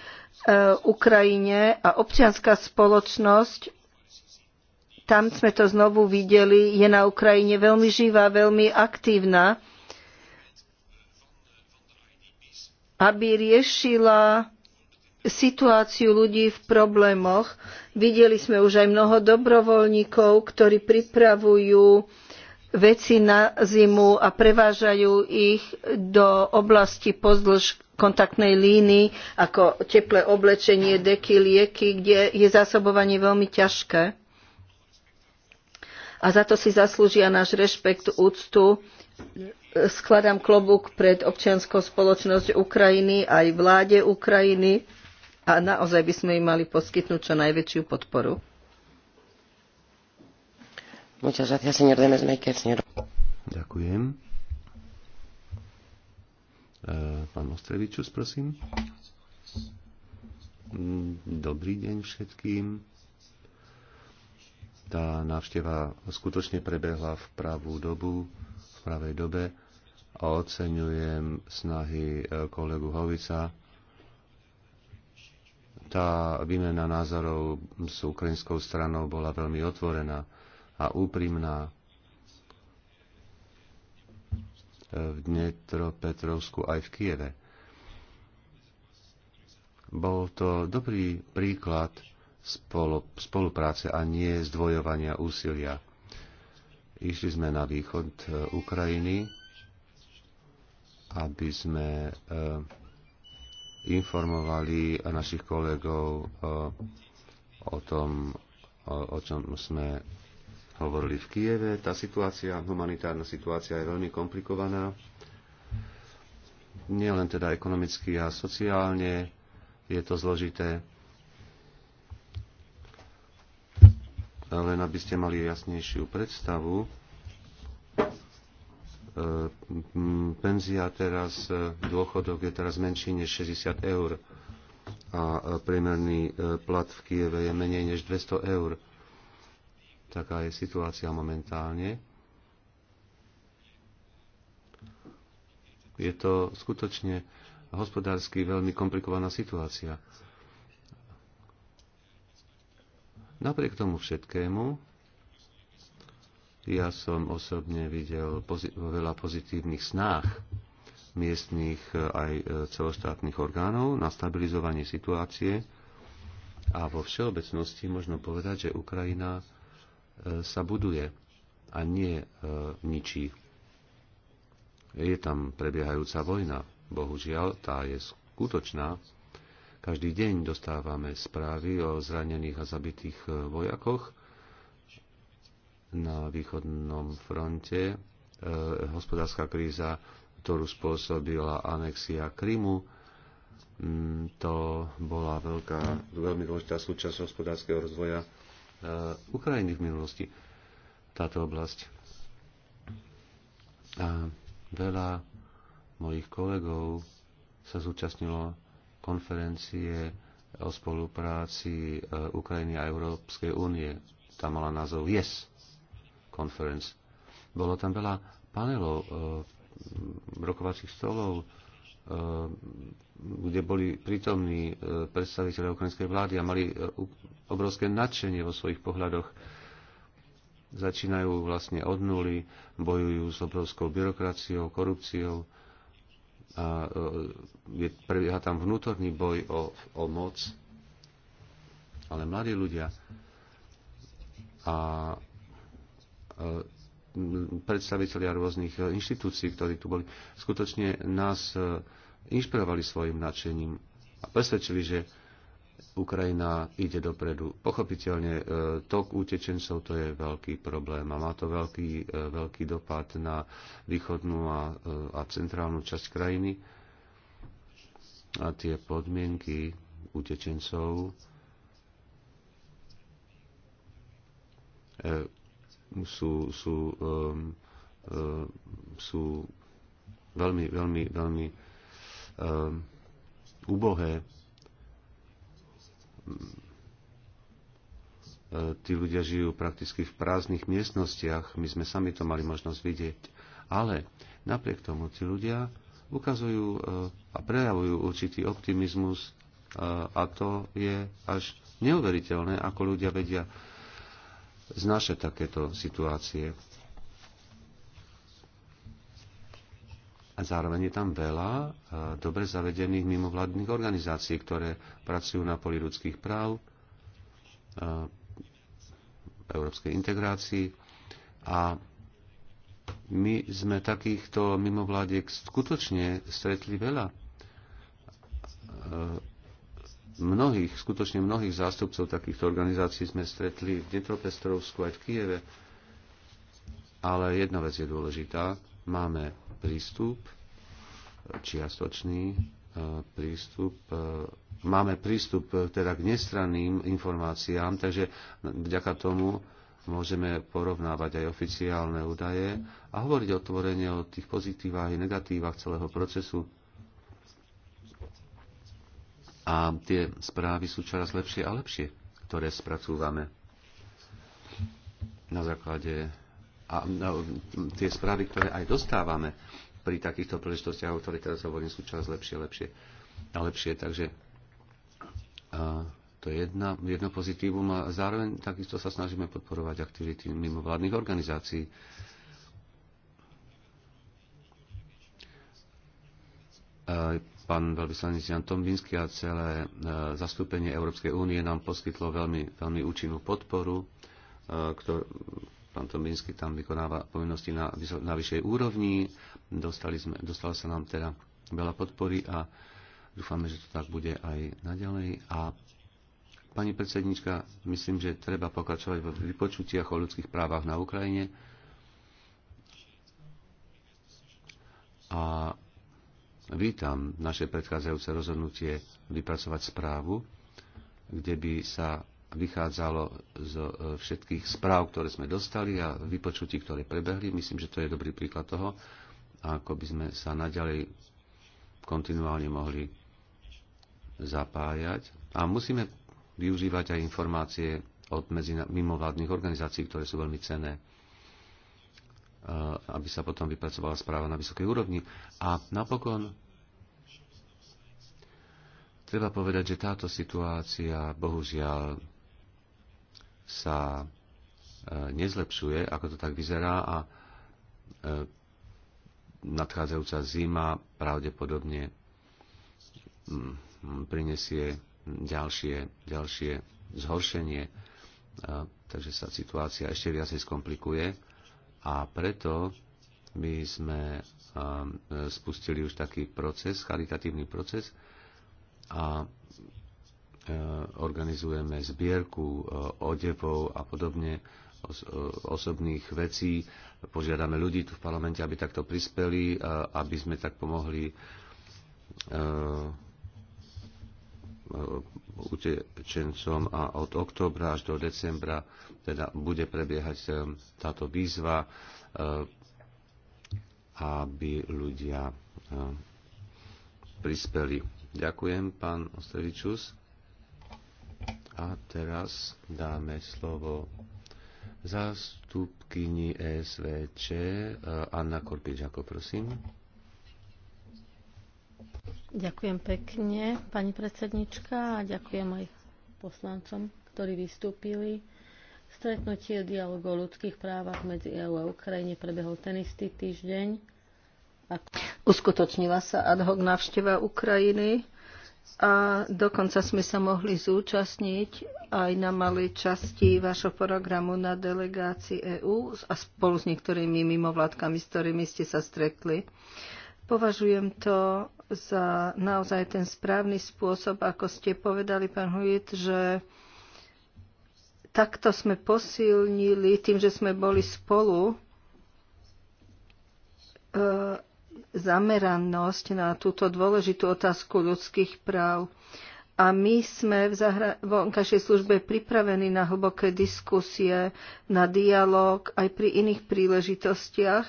Ukrajine a občianská spoločnosť, tam sme to znovu videli, je na Ukrajine veľmi živá, veľmi aktívna aby riešila situáciu ľudí v problémoch. Videli sme už aj mnoho dobrovoľníkov, ktorí pripravujú veci na zimu a prevážajú ich do oblasti pozdĺž kontaktnej líny, ako teplé oblečenie, deky, lieky, kde je zásobovanie veľmi ťažké. A za to si zaslúžia náš rešpekt, úctu skladám klobúk pred občianskou spoločnosť Ukrajiny, aj vláde Ukrajiny a naozaj by sme im mali poskytnúť čo najväčšiu podporu. Ďakujem. E, pán Ostrevičus, prosím. Mm, dobrý deň všetkým. Tá návšteva skutočne prebehla v pravú dobu, v pravej dobe oceňujem snahy e, kolegu Hovica. Tá výmena názorov s ukrajinskou stranou bola veľmi otvorená a úprimná. E, v Dnetropetrovsku aj v Kieve. Bol to dobrý príklad spolupráce a nie zdvojovania úsilia. Išli sme na východ e, Ukrajiny, aby sme eh, informovali našich kolegov eh, o tom, o čom sme hovorili v Kieve. Tá situácia, humanitárna situácia je veľmi komplikovaná. Nielen teda ekonomicky a sociálne je to zložité. Len aby ste mali jasnejšiu predstavu, E, penzia teraz, e, dôchodok je teraz menší než 60 eur a e, priemerný plat v Kieve je menej než 200 eur. Taká je situácia momentálne. Je to skutočne hospodársky veľmi komplikovaná situácia. Napriek tomu všetkému ja som osobne videl pozit- veľa pozitívnych snách miestných e, aj e, celostátnych orgánov na stabilizovanie situácie a vo všeobecnosti možno povedať, že Ukrajina e, sa buduje a nie ničí. Je tam prebiehajúca vojna, bohužiaľ, tá je skutočná. Každý deň dostávame správy o zranených a zabitých vojakoch na východnom fronte, e, hospodárska kríza, ktorú spôsobila anexia Krymu, mm, to bola veľká, veľmi dôležitá súčasť hospodárskeho rozvoja e, Ukrajiny v minulosti, táto oblasť. A veľa mojich kolegov sa zúčastnilo konferencie o spolupráci e, Ukrajiny a Európskej únie. Tam mala názov YES. Conference. Bolo tam veľa panelov, e, rokovacích stolov, e, kde boli prítomní e, predstaviteľe ukrajinskej vlády a mali obrovské nadšenie vo svojich pohľadoch. Začínajú vlastne od nuly, bojujú s obrovskou byrokraciou, korupciou a je, prebieha tam vnútorný boj o, o moc. Ale mladí ľudia a Eh, predstavitelia rôznych eh, inštitúcií, ktorí tu boli, skutočne nás eh, inšpirovali svojim nadšením a presvedčili, že Ukrajina ide dopredu. Pochopiteľne tok utečencov to je veľký problém a má to veľký, veľký dopad na východnú a, a centrálnu časť krajiny. A tie podmienky utečencov sú, sú, um, um, sú veľmi, veľmi, veľmi um, ubohé. E, tí ľudia žijú prakticky v prázdnych miestnostiach, my sme sami to mali možnosť vidieť. Ale napriek tomu tí ľudia ukazujú e, a prejavujú určitý optimizmus e, a to je až neuveriteľné, ako ľudia vedia znašať takéto situácie. A zároveň je tam veľa e, dobre zavedených mimovládnych organizácií, ktoré pracujú na poli ľudských práv, e, európskej integrácii. A my sme takýchto mimovládiek skutočne stretli veľa e, mnohých, skutočne mnohých zástupcov takýchto organizácií sme stretli v Dnepropestrovsku aj v Kieve. Ale jedna vec je dôležitá. Máme prístup, čiastočný e, prístup, e, máme prístup e, teda k nestranným informáciám, takže vďaka tomu môžeme porovnávať aj oficiálne údaje a hovoriť otvorene o tých pozitívach a negatívach celého procesu a tie správy sú čoraz lepšie a lepšie, ktoré spracúvame na základe a, a no, tie správy, ktoré aj dostávame pri takýchto príležitostiach, o ktorých teraz hovorím, sú čoraz lepšie, lepšie a lepšie. Takže a, to je jedna, jedno pozitívum a zároveň takisto sa snažíme podporovať aktivity mimovládnych organizácií. A, pán veľvyslanec Jan Tombinsky a celé e, zastúpenie Európskej únie nám poskytlo veľmi, veľmi účinnú podporu. E, ktor, pán Tombinsky tam vykonáva povinnosti na, na vyššej úrovni. Dostali sme, dostala sa nám teda veľa podpory a dúfame, že to tak bude aj naďalej. A pani predsednička, myslím, že treba pokračovať vo vypočutiach o ľudských právach na Ukrajine. A Vítam naše predchádzajúce rozhodnutie vypracovať správu, kde by sa vychádzalo z e, všetkých správ, ktoré sme dostali a vypočutí, ktoré prebehli. Myslím, že to je dobrý príklad toho, ako by sme sa naďalej kontinuálne mohli zapájať. A musíme využívať aj informácie od mimovládnych organizácií, ktoré sú veľmi cenné, e, aby sa potom vypracovala správa na vysokej úrovni. A napokon Treba povedať, že táto situácia bohužiaľ sa e, nezlepšuje, ako to tak vyzerá a e, nadchádzajúca zima pravdepodobne mm, prinesie ďalšie, ďalšie zhoršenie, e, takže sa situácia ešte viacej skomplikuje a preto my sme spustili už taký proces, charitatívny proces, a e, organizujeme zbierku e, odevov a podobne e, osobných vecí. Požiadame ľudí tu v parlamente, aby takto prispeli, aby sme tak pomohli utečencom a od oktobra až do decembra teda bude prebiehať táto výzva, aby ľudia prispeli Ďakujem, pán Ostrevičus. A teraz dáme slovo zástupkyni e SVČ Anna Korpičako, prosím. Ďakujem pekne, pani predsednička, a ďakujem aj poslancom, ktorí vystúpili. Stretnutie dialogu o ľudských právach medzi EU a Ukrajine prebehol ten istý týždeň Uskutočnila sa ad hoc návšteva Ukrajiny a dokonca sme sa mohli zúčastniť aj na malej časti vášho programu na delegácii EÚ a spolu s niektorými mimovládkami, s ktorými ste sa stretli. Považujem to za naozaj ten správny spôsob, ako ste povedali, pán Hujit, že takto sme posilnili tým, že sme boli spolu e, zameranosť na túto dôležitú otázku ľudských práv. A my sme v zahra- vonkajšej službe pripravení na hlboké diskusie, na dialog aj pri iných príležitostiach.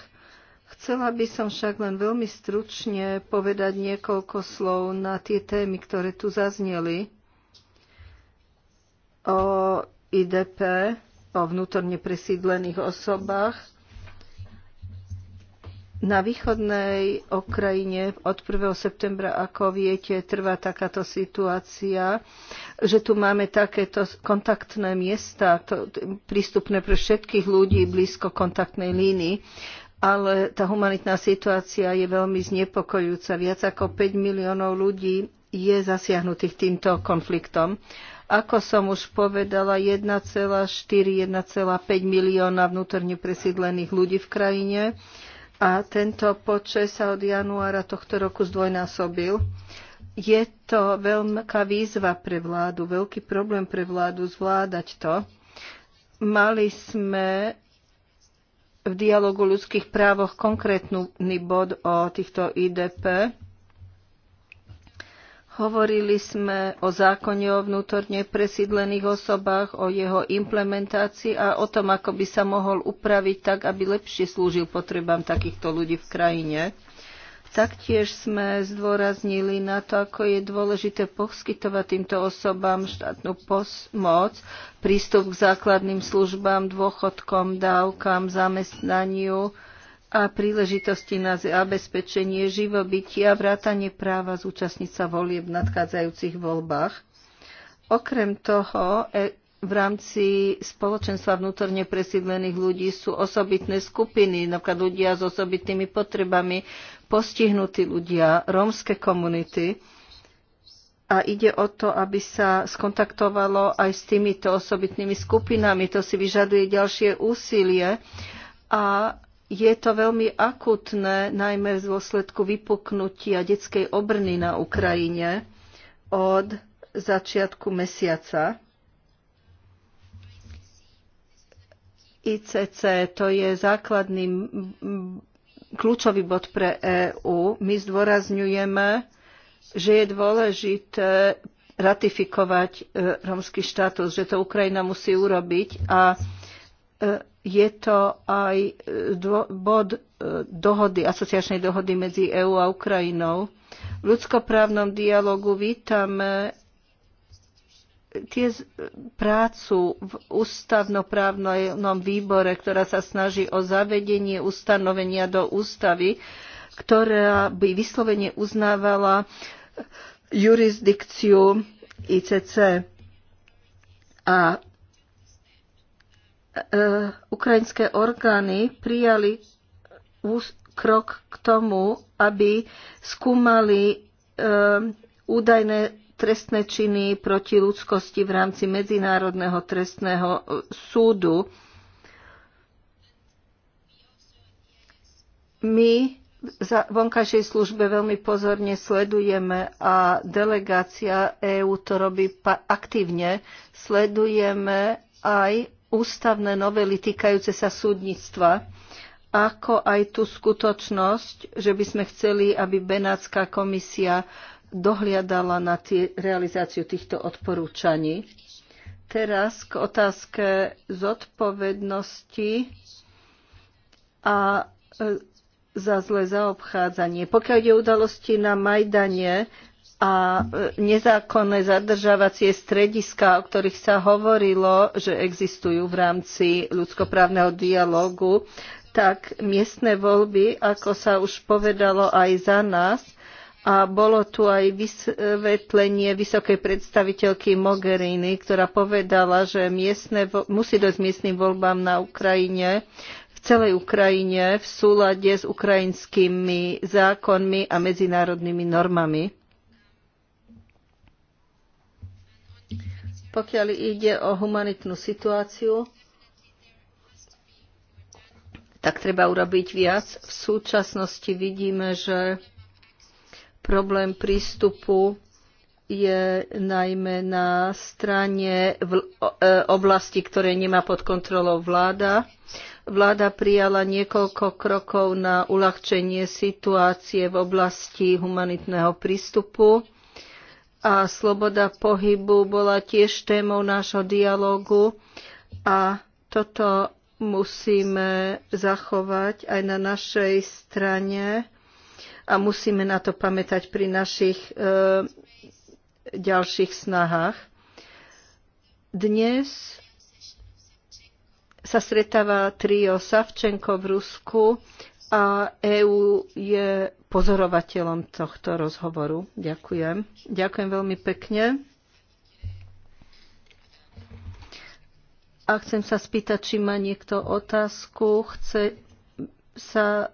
Chcela by som však len veľmi stručne povedať niekoľko slov na tie témy, ktoré tu zazneli o IDP, o vnútorne presídlených osobách na východnej Ukrajine od 1. septembra, ako viete, trvá takáto situácia, že tu máme takéto kontaktné miesta, to, prístupné pre všetkých ľudí blízko kontaktnej línii ale tá humanitná situácia je veľmi znepokojujúca. Viac ako 5 miliónov ľudí je zasiahnutých týmto konfliktom. Ako som už povedala, 1,4-1,5 milióna vnútorne presídlených ľudí v krajine a tento počet sa od januára tohto roku zdvojnásobil. Je to veľká výzva pre vládu, veľký problém pre vládu zvládať to. Mali sme v dialogu ľudských právoch konkrétny bod o týchto IDP Hovorili sme o zákone o vnútorne presídlených osobách, o jeho implementácii a o tom, ako by sa mohol upraviť tak, aby lepšie slúžil potrebám takýchto ľudí v krajine. Taktiež sme zdôraznili na to, ako je dôležité poskytovať týmto osobám štátnu pomoc, prístup k základným službám, dôchodkom, dávkam, zamestnaniu, a príležitosti na zabezpečenie živobytia, vrátanie práva zúčastniť sa volieb v nadchádzajúcich voľbách. Okrem toho, e, v rámci spoločenstva vnútorne presídlených ľudí sú osobitné skupiny, napríklad ľudia s osobitnými potrebami, postihnutí ľudia, rómske komunity. A ide o to, aby sa skontaktovalo aj s týmito osobitnými skupinami. To si vyžaduje ďalšie úsilie a je to veľmi akutné, najmä v dôsledku vypuknutia detskej obrny na Ukrajine od začiatku mesiaca. ICC to je základný kľúčový bod pre EÚ. My zdôrazňujeme, že je dôležité ratifikovať e, romský štátus, že to Ukrajina musí urobiť a e, je to aj e, bod e, dohody, asociačnej dohody medzi EÚ a Ukrajinou. V ľudskoprávnom dialogu vítame tie prácu v ústavnoprávnom výbore, ktorá sa snaží o zavedenie ustanovenia do ústavy, ktorá by vyslovene uznávala jurisdikciu ICC. A E, ukrajinské orgány prijali krok k tomu, aby skúmali e, údajné trestné činy proti ľudskosti v rámci Medzinárodného trestného e, súdu. My za vonkajšej službe veľmi pozorne sledujeme a delegácia EÚ to robí aktívne. Sledujeme aj ústavné novely týkajúce sa súdnictva, ako aj tú skutočnosť, že by sme chceli, aby Benátska komisia dohliadala na tie, realizáciu týchto odporúčaní. Teraz k otázke zodpovednosti a e, za zlé zaobchádzanie. Pokiaľ ide udalosti na Majdane, a nezákonné zadržávacie strediska, o ktorých sa hovorilo, že existujú v rámci ľudskoprávneho dialógu, tak miestne voľby, ako sa už povedalo aj za nás, a bolo tu aj vysvetlenie vysokej predstaviteľky Mogherini, ktorá povedala, že miestne, musí dosť miestnym voľbám na Ukrajine, v celej Ukrajine, v súlade s ukrajinskými zákonmi a medzinárodnými normami. Pokiaľ ide o humanitnú situáciu, tak treba urobiť viac. V súčasnosti vidíme, že problém prístupu je najmä na strane e, oblasti, ktoré nemá pod kontrolou vláda. Vláda prijala niekoľko krokov na uľahčenie situácie v oblasti humanitného prístupu a sloboda pohybu bola tiež témou nášho dialogu, a toto musíme zachovať aj na našej strane a musíme na to pamätať pri našich e, ďalších snahách. Dnes sa stretáva trio Savčenko v Rusku a EÚ je pozorovateľom tohto rozhovoru. Ďakujem. Ďakujem veľmi pekne. A chcem sa spýtať, či má niekto otázku. Chce sa,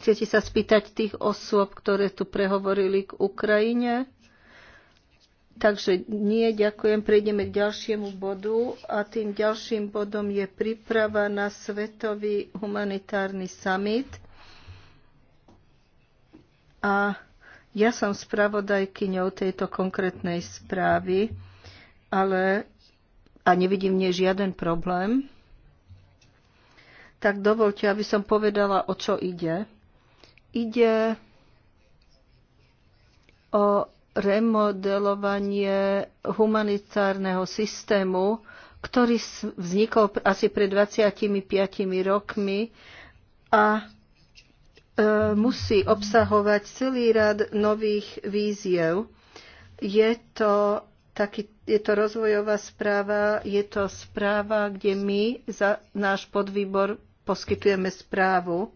chcete sa spýtať tých osôb, ktoré tu prehovorili k Ukrajine? Takže nie, ďakujem. Prejdeme k ďalšiemu bodu a tým ďalším bodom je príprava na Svetový humanitárny summit. A ja som spravodajkyňou tejto konkrétnej správy, ale a nevidím nie žiaden problém, tak dovolte, aby som povedala, o čo ide. Ide o remodelovanie humanitárneho systému, ktorý vznikol asi pred 25 rokmi a e, musí obsahovať celý rad nových víziev. Je to, taký, je to rozvojová správa, je to správa, kde my za náš podvýbor poskytujeme správu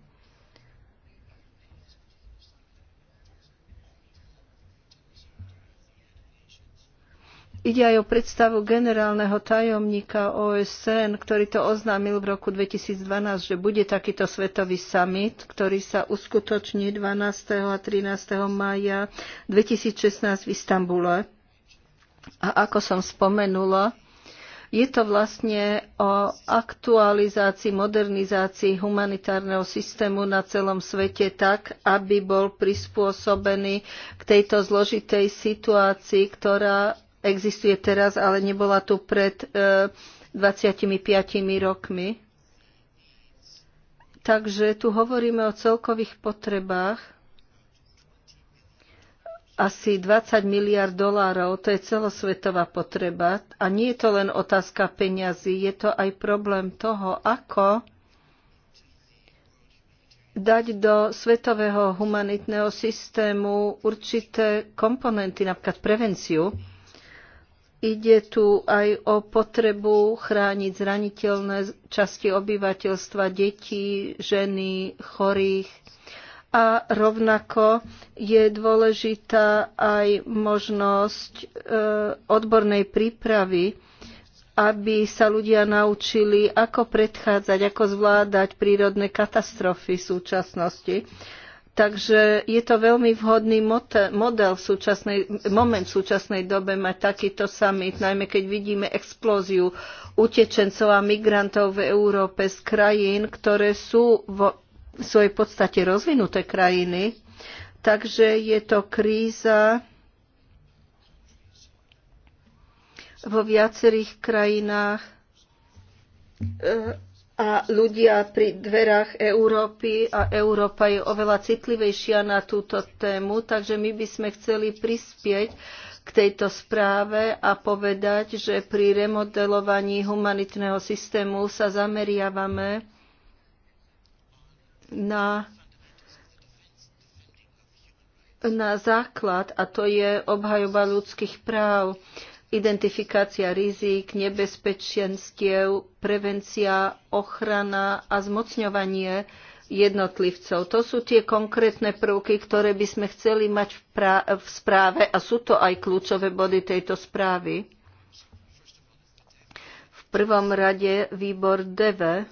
Ide aj o predstavu generálneho tajomníka OSN, ktorý to oznámil v roku 2012, že bude takýto svetový summit, ktorý sa uskutoční 12. a 13. maja 2016 v Istambule. A ako som spomenula, je to vlastne o aktualizácii, modernizácii humanitárneho systému na celom svete tak, aby bol prispôsobený k tejto zložitej situácii, ktorá existuje teraz, ale nebola tu pred 25 eh, rokmi. Takže tu hovoríme o celkových potrebách asi 20 miliard dolárov, to je celosvetová potreba. A nie je to len otázka peňazí, je to aj problém toho, ako dať do svetového humanitného systému určité komponenty, napríklad prevenciu. Ide tu aj o potrebu chrániť zraniteľné časti obyvateľstva, detí, ženy, chorých. A rovnako je dôležitá aj možnosť e, odbornej prípravy, aby sa ľudia naučili, ako predchádzať, ako zvládať prírodné katastrofy v súčasnosti. Takže je to veľmi vhodný model v súčasnej, moment v súčasnej dobe mať takýto summit, najmä keď vidíme explóziu utečencov a migrantov v Európe z krajín, ktoré sú vo svojej podstate rozvinuté krajiny. Takže je to kríza vo viacerých krajinách e, a ľudia pri dverách Európy a Európa je oveľa citlivejšia na túto tému, takže my by sme chceli prispieť k tejto správe a povedať, že pri remodelovaní humanitného systému sa zameriavame na, na základ a to je obhajoba ľudských práv identifikácia rizík, nebezpečenstiev, prevencia, ochrana a zmocňovanie jednotlivcov. To sú tie konkrétne prvky, ktoré by sme chceli mať v, v správe a sú to aj kľúčové body tejto správy. V prvom rade výbor DV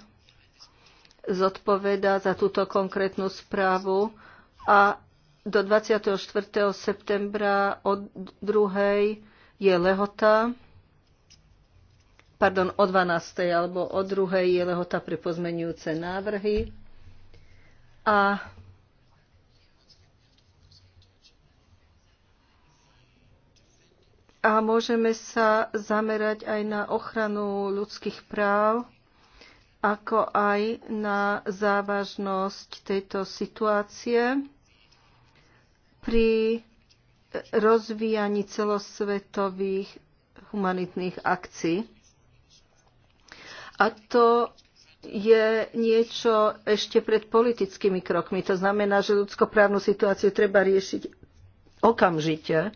zodpoveda za túto konkrétnu správu a do 24. septembra od 2 je lehota, pardon, o 12. alebo o 2. je lehota pre pozmenujúce návrhy. A a môžeme sa zamerať aj na ochranu ľudských práv, ako aj na závažnosť tejto situácie pri rozvíjaní celosvetových humanitných akcií. A to je niečo ešte pred politickými krokmi. To znamená, že ľudskoprávnu situáciu treba riešiť okamžite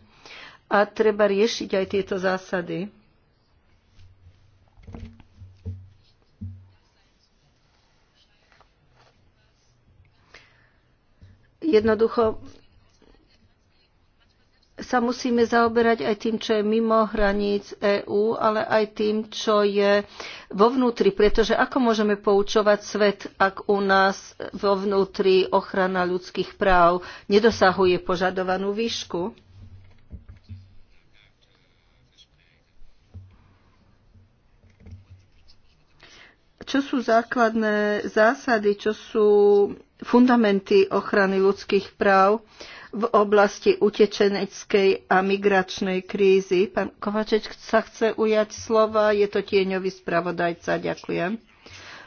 a treba riešiť aj tieto zásady. Jednoducho sa musíme zaoberať aj tým, čo je mimo hraníc EÚ, ale aj tým, čo je vo vnútri. Pretože ako môžeme poučovať svet, ak u nás vo vnútri ochrana ľudských práv nedosahuje požadovanú výšku? Čo sú základné zásady, čo sú fundamenty ochrany ľudských práv? v oblasti utečeneckej a migračnej krízy. Pán Kovačeč sa chce ujať slova, je to tieňový spravodajca. Ďakujem.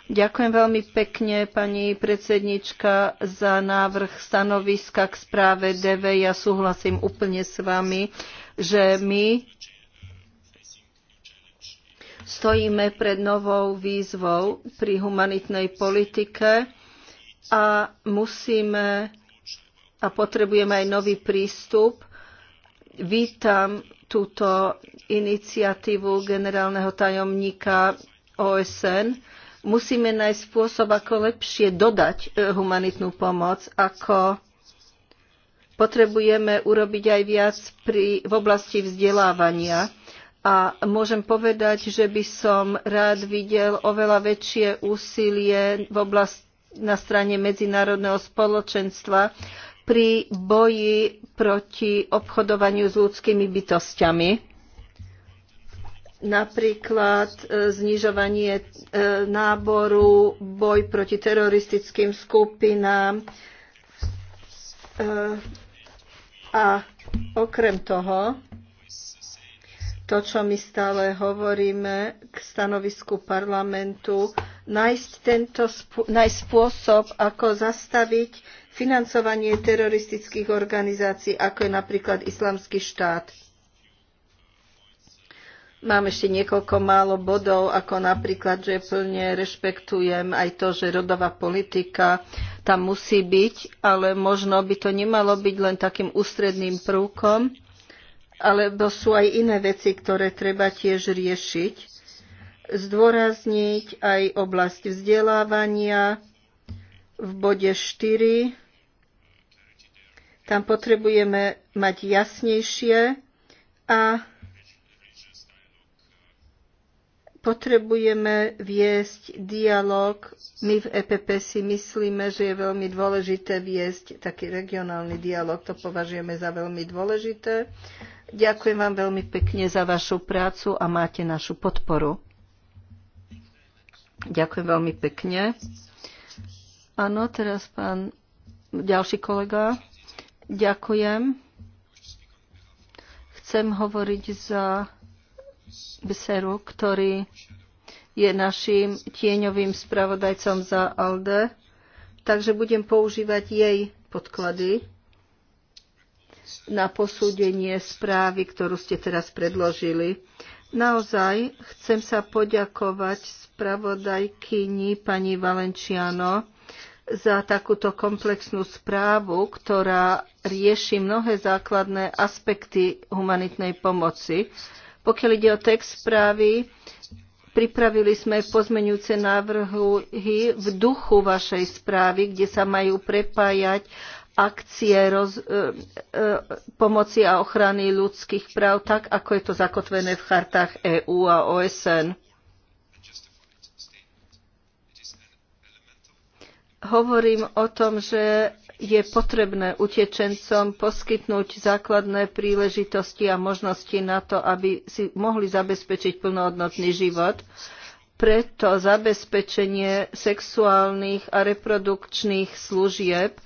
Ďakujem veľmi pekne, pani predsednička, za návrh stanoviska k správe DV. Ja súhlasím úplne s vami, že my stojíme pred novou výzvou pri humanitnej politike a musíme a potrebujeme aj nový prístup. Vítam túto iniciatívu generálneho tajomníka OSN. Musíme nájsť spôsob, ako lepšie dodať e, humanitnú pomoc, ako potrebujeme urobiť aj viac pri, v oblasti vzdelávania. A môžem povedať, že by som rád videl oveľa väčšie úsilie v oblasti na strane medzinárodného spoločenstva pri boji proti obchodovaniu s ľudskými bytostiami napríklad e, znižovanie e, náboru, boj proti teroristickým skupinám. E, a okrem toho, to, čo my stále hovoríme k stanovisku parlamentu, nájsť, tento, nájsť spôsob, ako zastaviť financovanie teroristických organizácií, ako je napríklad Islamský štát. Mám ešte niekoľko málo bodov, ako napríklad, že plne rešpektujem aj to, že rodová politika tam musí byť, ale možno by to nemalo byť len takým ústredným prúkom, alebo sú aj iné veci, ktoré treba tiež riešiť. Zdôrazniť aj oblasť vzdelávania v bode 4 tam potrebujeme mať jasnejšie a potrebujeme viesť dialog. My v EPP si myslíme, že je veľmi dôležité viesť taký regionálny dialog. To považujeme za veľmi dôležité. Ďakujem vám veľmi pekne za vašu prácu a máte našu podporu. Ďakujem veľmi pekne. Áno, teraz pán ďalší kolega. Ďakujem. Chcem hovoriť za Beseru, ktorý je našim tieňovým spravodajcom za ALDE, takže budem používať jej podklady na posúdenie správy, ktorú ste teraz predložili. Naozaj chcem sa poďakovať spravodajkyni pani Valenciano za takúto komplexnú správu, ktorá rieši mnohé základné aspekty humanitnej pomoci. Pokiaľ ide o text správy, pripravili sme pozmeňujúce návrhy v duchu vašej správy, kde sa majú prepájať akcie roz, e, e, pomoci a ochrany ľudských práv tak, ako je to zakotvené v chartách EÚ a OSN. Hovorím o tom, že je potrebné utečencom poskytnúť základné príležitosti a možnosti na to, aby si mohli zabezpečiť plnohodnotný život. Preto zabezpečenie sexuálnych a reprodukčných služieb e,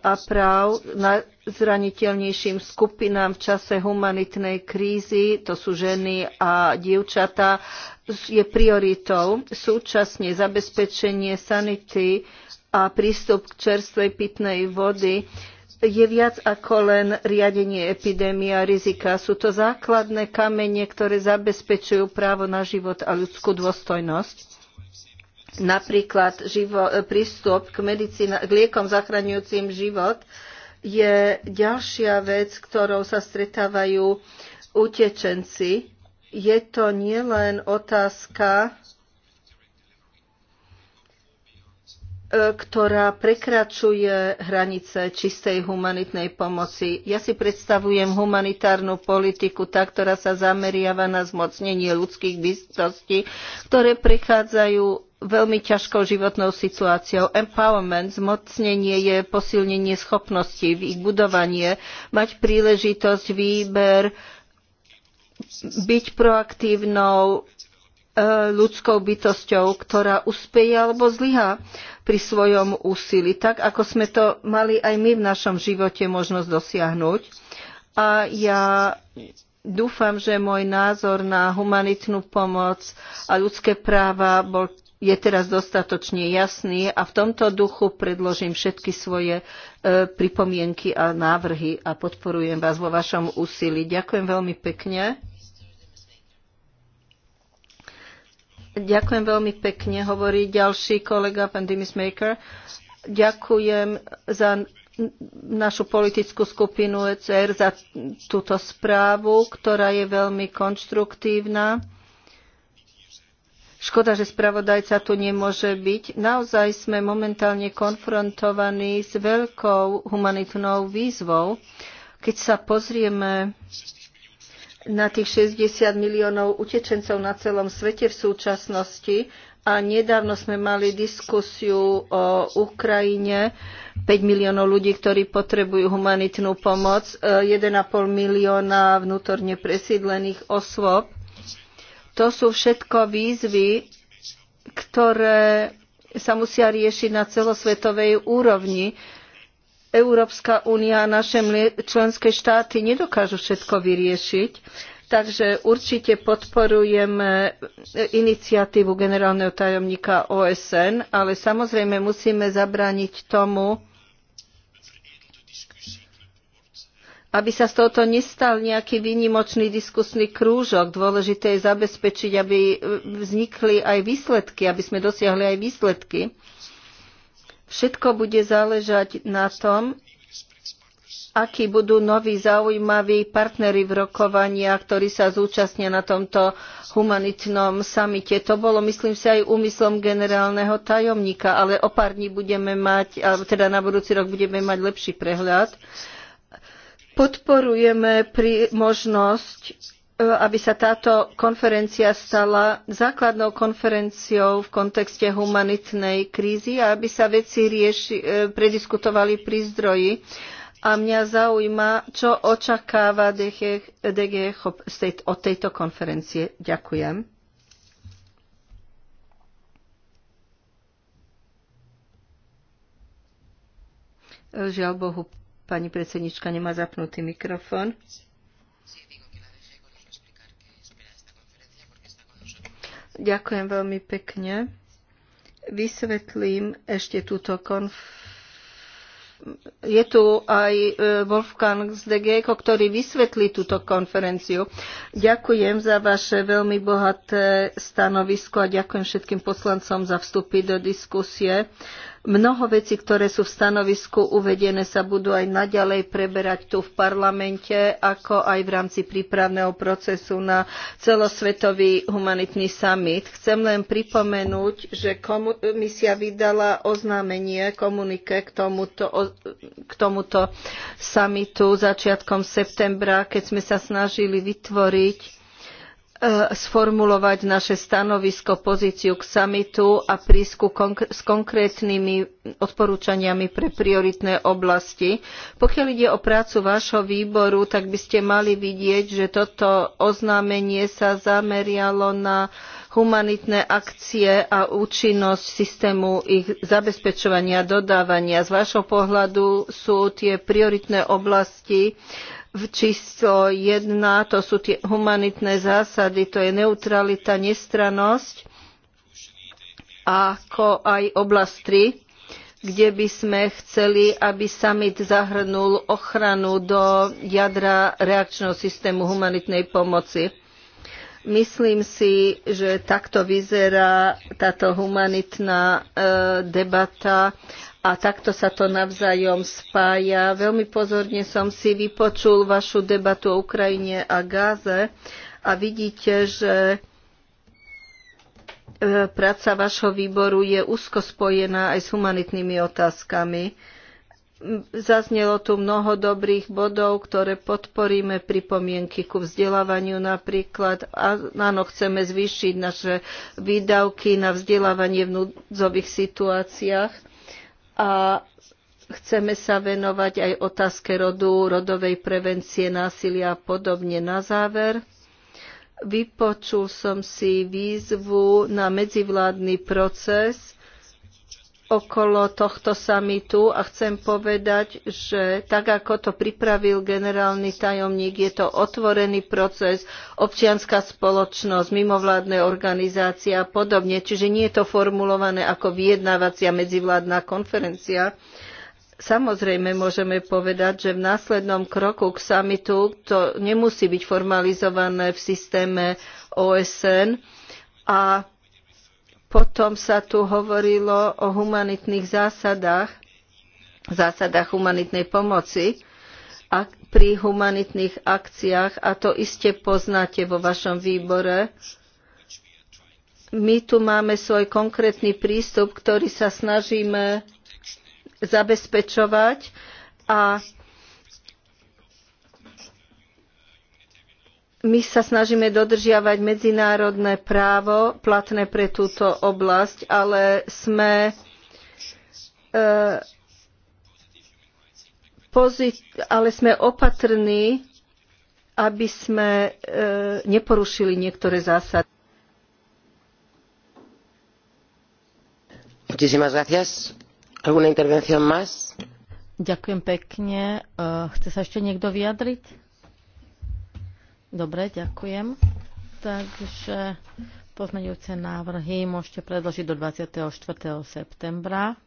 a práv najzraniteľnejším skupinám v čase humanitnej krízy, to sú ženy a dievčatá, je prioritou súčasne zabezpečenie sanity a prístup k čerstvej pitnej vody je viac ako len riadenie epidémie a rizika. Sú to základné kamene, ktoré zabezpečujú právo na život a ľudskú dôstojnosť. Napríklad živo, e, prístup k, medicína, k liekom zachraňujúcim život je ďalšia vec, ktorou sa stretávajú utečenci je to nielen otázka, e, ktorá prekračuje hranice čistej humanitnej pomoci. Ja si predstavujem humanitárnu politiku, tá, ktorá sa zameriava na zmocnenie ľudských bytostí, ktoré prechádzajú veľmi ťažkou životnou situáciou. Empowerment, zmocnenie je posilnenie schopností, ich budovanie, mať príležitosť, výber, byť proaktívnou e, ľudskou bytosťou, ktorá uspeje alebo zlyhá pri svojom úsilí, tak ako sme to mali aj my v našom živote možnosť dosiahnuť. A ja dúfam, že môj názor na humanitnú pomoc a ľudské práva bol je teraz dostatočne jasný a v tomto duchu predložím všetky svoje e, pripomienky a návrhy a podporujem vás vo vašom úsilí. Ďakujem veľmi pekne. Ďakujem veľmi pekne, hovorí ďalší kolega, pán Maker. Ďakujem za našu politickú skupinu ECR za túto správu, ktorá je veľmi konštruktívna Škoda, že spravodajca tu nemôže byť. Naozaj sme momentálne konfrontovaní s veľkou humanitnou výzvou. Keď sa pozrieme na tých 60 miliónov utečencov na celom svete v súčasnosti a nedávno sme mali diskusiu o Ukrajine, 5 miliónov ľudí, ktorí potrebujú humanitnú pomoc, 1,5 eh, milióna vnútorne presídlených osôb to sú všetko výzvy, ktoré sa musia riešiť na celosvetovej úrovni. Európska únia a naše členské štáty nedokážu všetko vyriešiť, takže určite podporujeme iniciatívu generálneho tajomníka OSN, ale samozrejme musíme zabrániť tomu, aby sa z tohoto nestal nejaký výnimočný diskusný krúžok. Dôležité je zabezpečiť, aby e, vznikli aj výsledky, aby sme dosiahli aj výsledky. Všetko bude záležať na tom, akí budú noví zaujímaví partnery v rokovaniach, ktorí sa zúčastnia na tomto humanitnom samite. To bolo, myslím si, aj úmyslom generálneho tajomníka, ale o pár dní budeme mať, teda na budúci rok budeme mať lepší prehľad. Podporujeme možnosť e, aby sa táto konferencia stala základnou konferenciou v kontexte humanitnej krízy a aby sa veci rieši, e, prediskutovali pri zdroji. A mňa zaujíma, čo očakáva DG od tejto konferencie. Ďakujem. Žiaľ Bohu, Pani predsednička nemá zapnutý mikrofón. Ďakujem veľmi pekne. Vysvetlím ešte túto konf... Je tu aj e, Wolfgang z DGECO, ktorý vysvetlí túto konferenciu. Ďakujem za vaše veľmi bohaté stanovisko a ďakujem všetkým poslancom za vstupy do diskusie. Mnoho vecí, ktoré sú v stanovisku uvedené, sa budú aj naďalej preberať tu v parlamente, ako aj v rámci prípravného procesu na celosvetový humanitný summit. Chcem len pripomenúť, že komisia vydala oznámenie komunike k tomuto, k tomuto summitu začiatkom septembra, keď sme sa snažili vytvoriť E, sformulovať naše stanovisko, pozíciu k samitu a prísť s konkrétnymi odporúčaniami pre prioritné oblasti. Pokiaľ ide o prácu vášho výboru, tak by ste mali vidieť, že toto oznámenie sa zamerialo na humanitné akcie a účinnosť systému ich zabezpečovania a dodávania. Z vášho pohľadu sú tie prioritné oblasti číslo jedna, to sú tie humanitné zásady, to je neutralita, nestranosť, ako aj oblast 3, kde by sme chceli, aby summit zahrnul ochranu do jadra reakčného systému humanitnej pomoci. Myslím si, že takto vyzerá táto humanitná e, debata a takto sa to navzájom spája. Veľmi pozorne som si vypočul vašu debatu o Ukrajine a Gáze a vidíte, že e, práca vašho výboru je úzko spojená aj s humanitnými otázkami Zaznelo tu mnoho dobrých bodov, ktoré podporíme pripomienky ku vzdelávaniu napríklad. Áno, chceme zvýšiť naše výdavky na vzdelávanie v núdzových situáciách a chceme sa venovať aj otázke rodu, rodovej prevencie, násilia a podobne. Na záver, vypočul som si výzvu na medzivládny proces okolo tohto samitu a chcem povedať, že tak ako to pripravil generálny tajomník, je to otvorený proces, občianská spoločnosť, mimovládne organizácie a podobne, čiže nie je to formulované ako vyjednávacia medzivládna konferencia. Samozrejme môžeme povedať, že v následnom kroku k samitu to nemusí byť formalizované v systéme OSN a potom sa tu hovorilo o humanitných zásadách, zásadách humanitnej pomoci a pri humanitných akciách a to iste poznáte vo vašom výbore. My tu máme svoj konkrétny prístup, ktorý sa snažíme zabezpečovať a my sa snažíme dodržiavať medzinárodné právo platné pre túto oblasť, ale sme e, ale sme opatrní, aby sme e, neporušili niektoré zásady. Ďakujem pekne. E, chce sa ešte niekto vyjadriť? Dobre, ďakujem. Takže pozmeňujúce návrhy môžete predložiť do 24. septembra.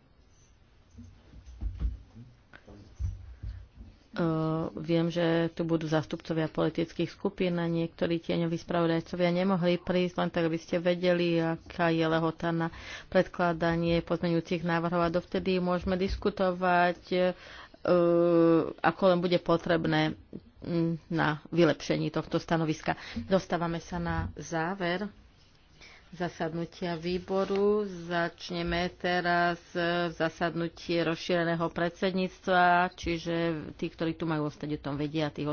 Uh, viem, že tu budú zastupcovia politických skupín a niektorí tieňoví spravodajcovia nemohli prísť, len tak, aby ste vedeli, aká je lehota na predkladanie pozmeňujúcich návrhov a dovtedy môžeme diskutovať, uh, ako len bude potrebné na vylepšení tohto stanoviska. Dostávame sa na záver zasadnutia výboru. Začneme teraz zasadnutie rozšíreného predsedníctva, čiže tí, ktorí tu majú ostať, o tom vedia. Tí